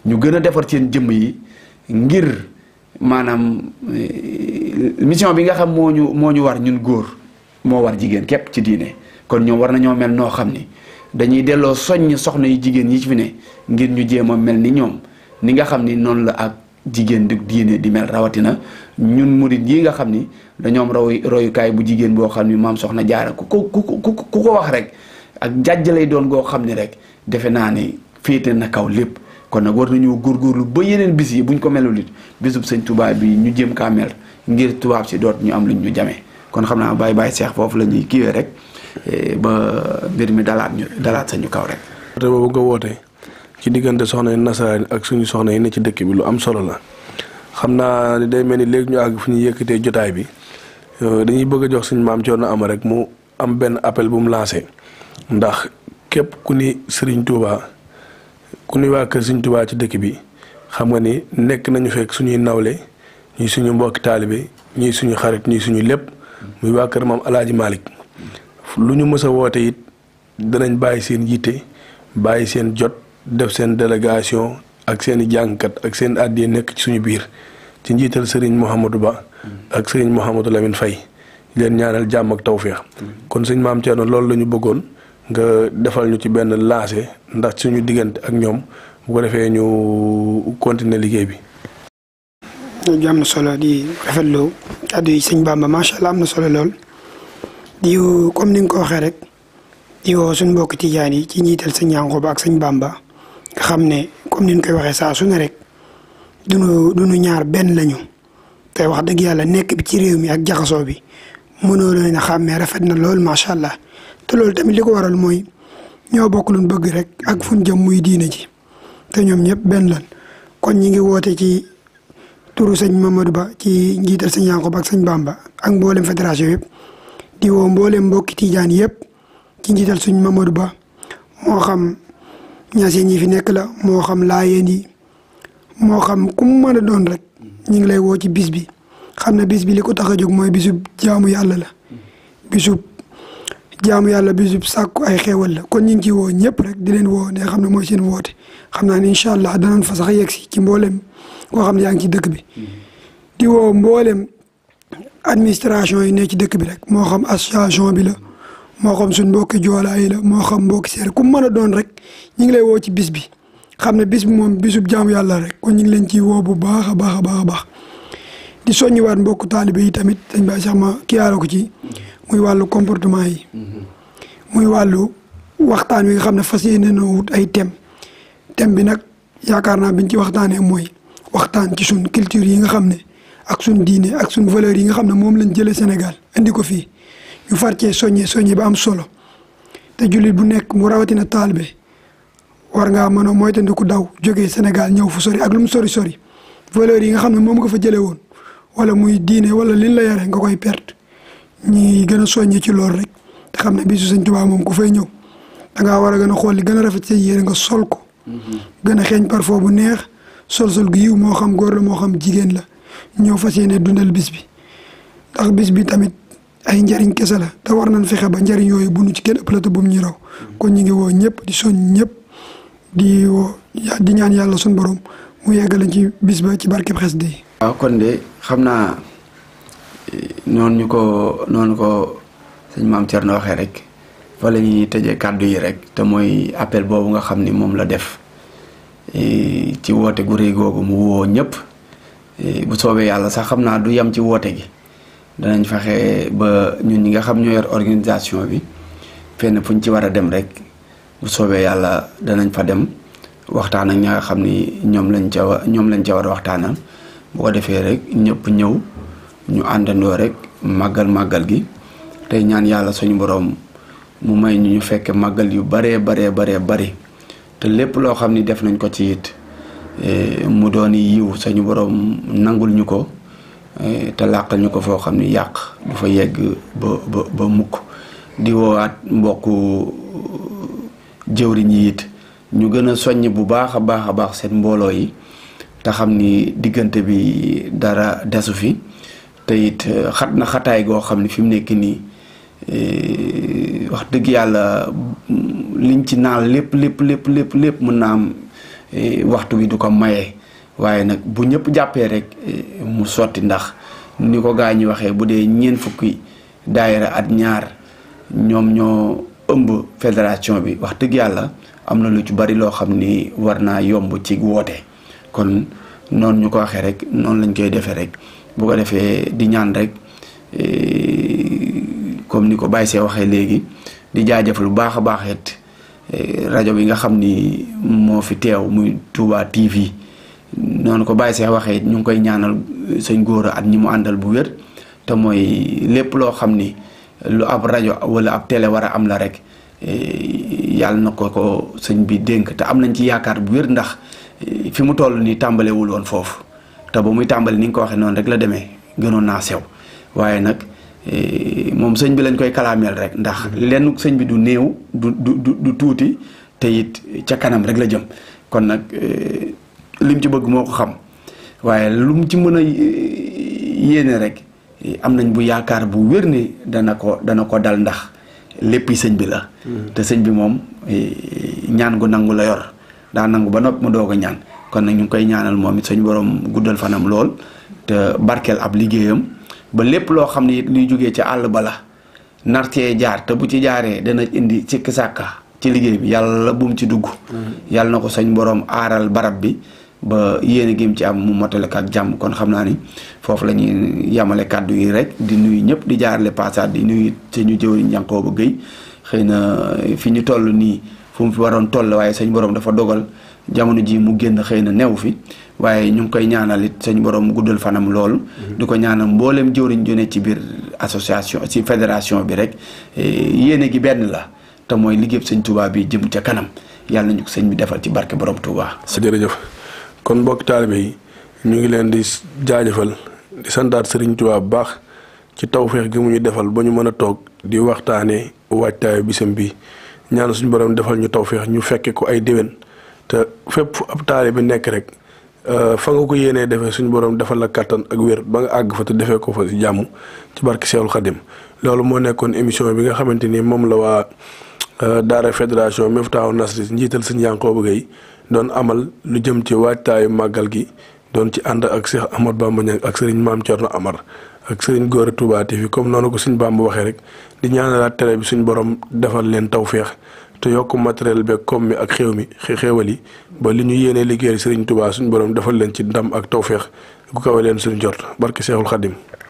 Speaker 2: ñu gën a defar seen jëmm yi ngir maanaam eh, mission bi nga xam moo ñu moo ñu war ñun góor moo war jigéen képp ci diine kon ñoom war nañoo mel noo xam ni dañuy delloo soññ soxna yu jigéen yi ci fi ne ngir ñu jéem a mel ni ñoom ni nga xam ni noonu la ak jigéen di diine di mel rawatina ñun murit yi nga xam ni dañoom raw royukaay bu jigéen boo xam ni maam soxna jaara ku ko ku ko ku ko wax rek ak jàjj lay doon goo xam ni rek defe naa ni féete na kaw lépp kon nag war nañoo góorgóorlu ba yeneen bis yi buñ ko melul it bisub sëñ Touba bi ñu jéem kaa mel ngir tubaab si doot ñu am luñ ñu jamee kon xam naa baay bàyyi seex foofu la ñuy kiiwee rek eh, ba mbir mi dalaat ñu dalaat sañu kaw rek. woote boobu nga woote ci diggante soxna yi nasaraan ak suñu soxna yi ne ci dëkk bi lu am
Speaker 1: solo la xam naa ni day mel ni léegi ñu àgg fu ñuy yëkkatee jotaay bi euh, dañuy bëgg a jox suñu maam Thierno Ama rek mu am benn appel bu mu lancé ndax képp ku ni Serigne Touba. ku nuy waa kër Sëñ Tuubaa ci dëkk bi xam nga ni nekk nañu fekk suñuy nawle ñuy suñu mbokki taalibe ñuy suñu xarit ñuy suñu lépp muy waa kër maam Alaaji Malick lu ñu mës a woote it dinañ bàyyi seen yitte bàyyi seen jot def seen délégation ak seen i jàngkat ak seen àddee nekk ci suñu biir ci njiital Serigne Mouhamadou Ba ak Serigne Mouhamadou Lamine Faye leen ñaanal jàmm ak tawféex kon suñ maam Thierno loolu la ñu bëggoon nga defal ñu ci benn lancé ndax suñu diggante ak ñoom bu ko ñu continuer liggéey bi.
Speaker 3: di solo di rafetlu kàddu yi sëñ Bamba macha allah am na solo lool di comme ni nga ko waxee rek di woo suñu mbokk tijaan yi ci njiital sëñ Yankoba ak sëñ Bamba xam ne comme ni koy waxee saa su ne rek duñu duñu ñaar benn lañu te wax dëgg yàlla nekk bi ci réew mi ak jaxasoo bi mënoo leen a xàmmee rafet na lool macha allah. te loolu tamit li ko waral mooy ñoo bokk luñ bëgg rek ak fuñ jëm muy diine ji te ñoom ñëpp benn lan kon ñi ngi woote ci turu sëñ Mamadou Ba ci njiital sëñ Yankoba ak sëñ ba ak mboolem fédération yëpp di woo mboolem mbokki tiijaan yëpp ci njiital suñ Mamadou Ba moo xam ñaaseen yi fi nekk la moo xam laayeen yi moo xam ku mu doon rek ñu ngi lay woo ci bis bi xam na bis bi li ko tax a jóg mooy bisu jaamu yàlla la bisu jaamu yàlla bisub sàkku ay xéewal la kon ñu ngi ciy woo ñëpp rek di leen woo ne xam ne mooy seen woote xam naa ne incha allah danañ fa sax yegg si ci mboolem koo xam ne yaa ngi ci dëkk bi mm-hmm. di woo mboolem administration yi ne ci dëkk bi rek moo xam association bi la moo xam suñ mbokki joolaa yi la moo xam mbokki seer ku mën a doon rek ñu ngi lay woo ci bis bi xam ne bis bi moom bisub jaamu yàlla rek kon ñu ngi leen ciy woo bu baax a baax a baax a baax di soññiwaat mbokku taalibe yi tamit sëñ Baye Cheikh ma kiyaale ko ci muy wàllu comportement yi muy wàllu waxtaan wi nga xam ne fas yéene na wut ay thème thème bi nag yaakaar naa biñ ci waxtaanee mooy waxtaan ci suñ culture yi nga xam ne ak suñ diine ak suñ valeur yi nga xam ne moom lañ jëlee Sénégal indi ko fii ñu far cee soññee ba am solo te jullit bu nekk mu rawatina taalibe war ngaa mën a moytandiku daw jógee Sénégal ñëw fu sori ak lu sori sori valeur yi nga ne moom nga fa jëlee woon wala muy diine wala liñ la yare nga koy perte ñi gën a soññe ci loolu rek te xam ne bisu Sëñ Tuubaa moom ku fay ñëw dangaa war a gën a xool li gën a rafet sa yére nga sol ko mm-hmm. gën a xeeñ parfum bu neex sol-sol gi yiw moo xam góor la moo xam jigéen la ñëw fas yéene dundal bis bi ndax bis bi tamit ay njariñ kese la te war nañ fexe ba njariñ yooyu bu ñu ci kenn ëppalata bu mu ñu raw mm-hmm. kon ñu ngi woo ñëpp di soñ ñëpp di di ñaan yàlla suñ borom mu yeggalañ ci bis ci barkeb xes de
Speaker 2: waaw kon de xam naa noonu ñu ko noonu ko sëñ maam na waxee rek fa la ñuy kàddu yi rek te mooy appel boobu nga xam ni moom la def e, ci woote gu rëy googu mu woo ñëpp e, bu soobee yàlla sax xam naa du yem ci woote gi danañ fexe ba ñun ñi nga xam ñoo yor organisation bi fenn fu ñu ci war a dem rek bu soobee yàlla danañ fa dem waxtaan ak ña nga xam ni ñoom lañ ca ñoom lañ ca war a waxtaanal. bu ko defee rek ñëpp ñëw ñu àndandoo rek màggal màggal gi tey ñaan yàlla suñu boroom mu may ñu ñu fekke màggal yu baree baree baree bari te lépp loo xam ni def nañ ko ci it e, mu doon yiw suñu boroom nangul ñu ko e, te làqal ñu ko foo xam ni yàq du fa yegg ba ba mukk di woowaat mbokku jëwriñ yi it ñu gën a soññ bu baax a baax a baax seen mbooloo yi te xam ni diggante bi dara desu fi te it eh, xat na xataay goo xam ni fi mu nekk nii eh, wax dëgg yàlla mm, liñ ci naal lépp lépp lépp lépp lépp mën na am eh, waxtu wi du ko maye waaye nag bu ñëpp jàppee rek mu sotti ndax ni ko gaa ñu waxee bu dee ñeent fukki daayira at ñaar ñoom ñoo ëmb fédération bi wax dëgg yàlla am na lu ci bari loo xam ni war naa yomb ci woote. kon noonu ñu ko waxee rek noonu lañ koy defee rek bu ko defee di ñaan rek eh, comme ni ko Baye see waxee léegi di jaajëfal lu baax a baax it eh, rajo bi nga xam ni moo fi teew muy Touba TV noonu ko Baye see waxee ñu ngi koy ñaanal sëñ góor a at ñi mu àndal bu wér te mooy lépp loo xam ni lu ab rajo wala ab télé war a am la rek eh, yàlla na ko ko sëñ bi dénk te am nañ ci yaakaar bu wér ndax. fi mu toll nii tàmbalewul woon foofu te ba muy tàmbali ni nga ko waxee noonu rek la demee gënoon naa sew waaye nag e, moom sëñ bi lañ koy kalaameel rek ndax lenn sëñ bi du néew du tuuti te it ca kanam rek la jëm kon nag e, lim ci bëgg moo ko xam waaye lu mu ci mën a e, yéene rek am nañ bu yaakaar bu wér ni dana ko dana ko dal ndax lépp sëñ bi la. Mm-hmm. te sëñ bi moom ñaan gu nangu la yor. daa nangu ba noppi mu doog a ñaan kon nag ñu ngi koy ñaanal moom it suñu borom guddal fanam lool te barkeel ab liggéeyam ba lépp loo xam ne it luy jógee ci àll bala nartee jaar te bu ci jaaree dana indi ci kisàkka ci liggéey bi yàlla bum ci dugg yàlla na ko suñ boroom aaral barab bi ba yéene gim ci am mu motale ko ak jàmm kon xam naa ni foofu la ñuy yamale kàddu yi rek di nuyu ñëpp di jaarale passage di nuyu te ñu jëwriñ Yankooba Géy xëy na fi ñu toll nii fu mu fi waroon toll waaye sañ borom dafa dogal jamono ji mu génn xëy na neew fi waaye ñu ngi koy ñaanal it sañ borom guddal fanam lool. Mm-hmm. du ko ñaanal mbooleem jëwriñ ju ne ci biir association ci fédération bi rek eh, yéene gi benn la te mooy liggéeyub sëñ Touba bi jëm ca kanam yàlla nañu ko sëñ bi defal ci barke borom Touba. jërëjëf kon mbokk taalibe yi
Speaker 1: ñu ngi leen di jaajëfal di santaat sëriñ Touba bu baax ci tawféex gi mu ñu defal ba ñu mën a toog di waxtaanee waajtaayu bisam bi ñaan suñu boroom defal ñu tawféex ñu fekke ko ay déwén te fépp fu ab taalibe bi nekk rek euh, fa nga ko yéenee defee suñu borom defal la kattan ak wér ba nga àgg fa te defee ko fa si jàmm ci barki Seexul Xadim loolu moo nekkoon émission bi nga xamante ni moom la waa euh, Daara fédération Miftahul Nasri njiital sëñ Yankooba Gaye doon amal lu jëm ci waajtaayu màggal gi doon ci ànd ak Cheikh Ahmad Bamba Niang ak sëriñ Maam Thierno Amar ak Serigne Gora Touba TV comme noonu ko suñ Bamba waxee rek di ñaanalaat tele bi suñ borom defal leen tawféex te yokk matériel beeg comme mi ak xéew mi xéewal yi ba li ñu yéenee liggéeyal Serigne Touba suñ borom defal leen ci ndam ak tawféex ku kawe leen suñ jort barki Seexul Xadim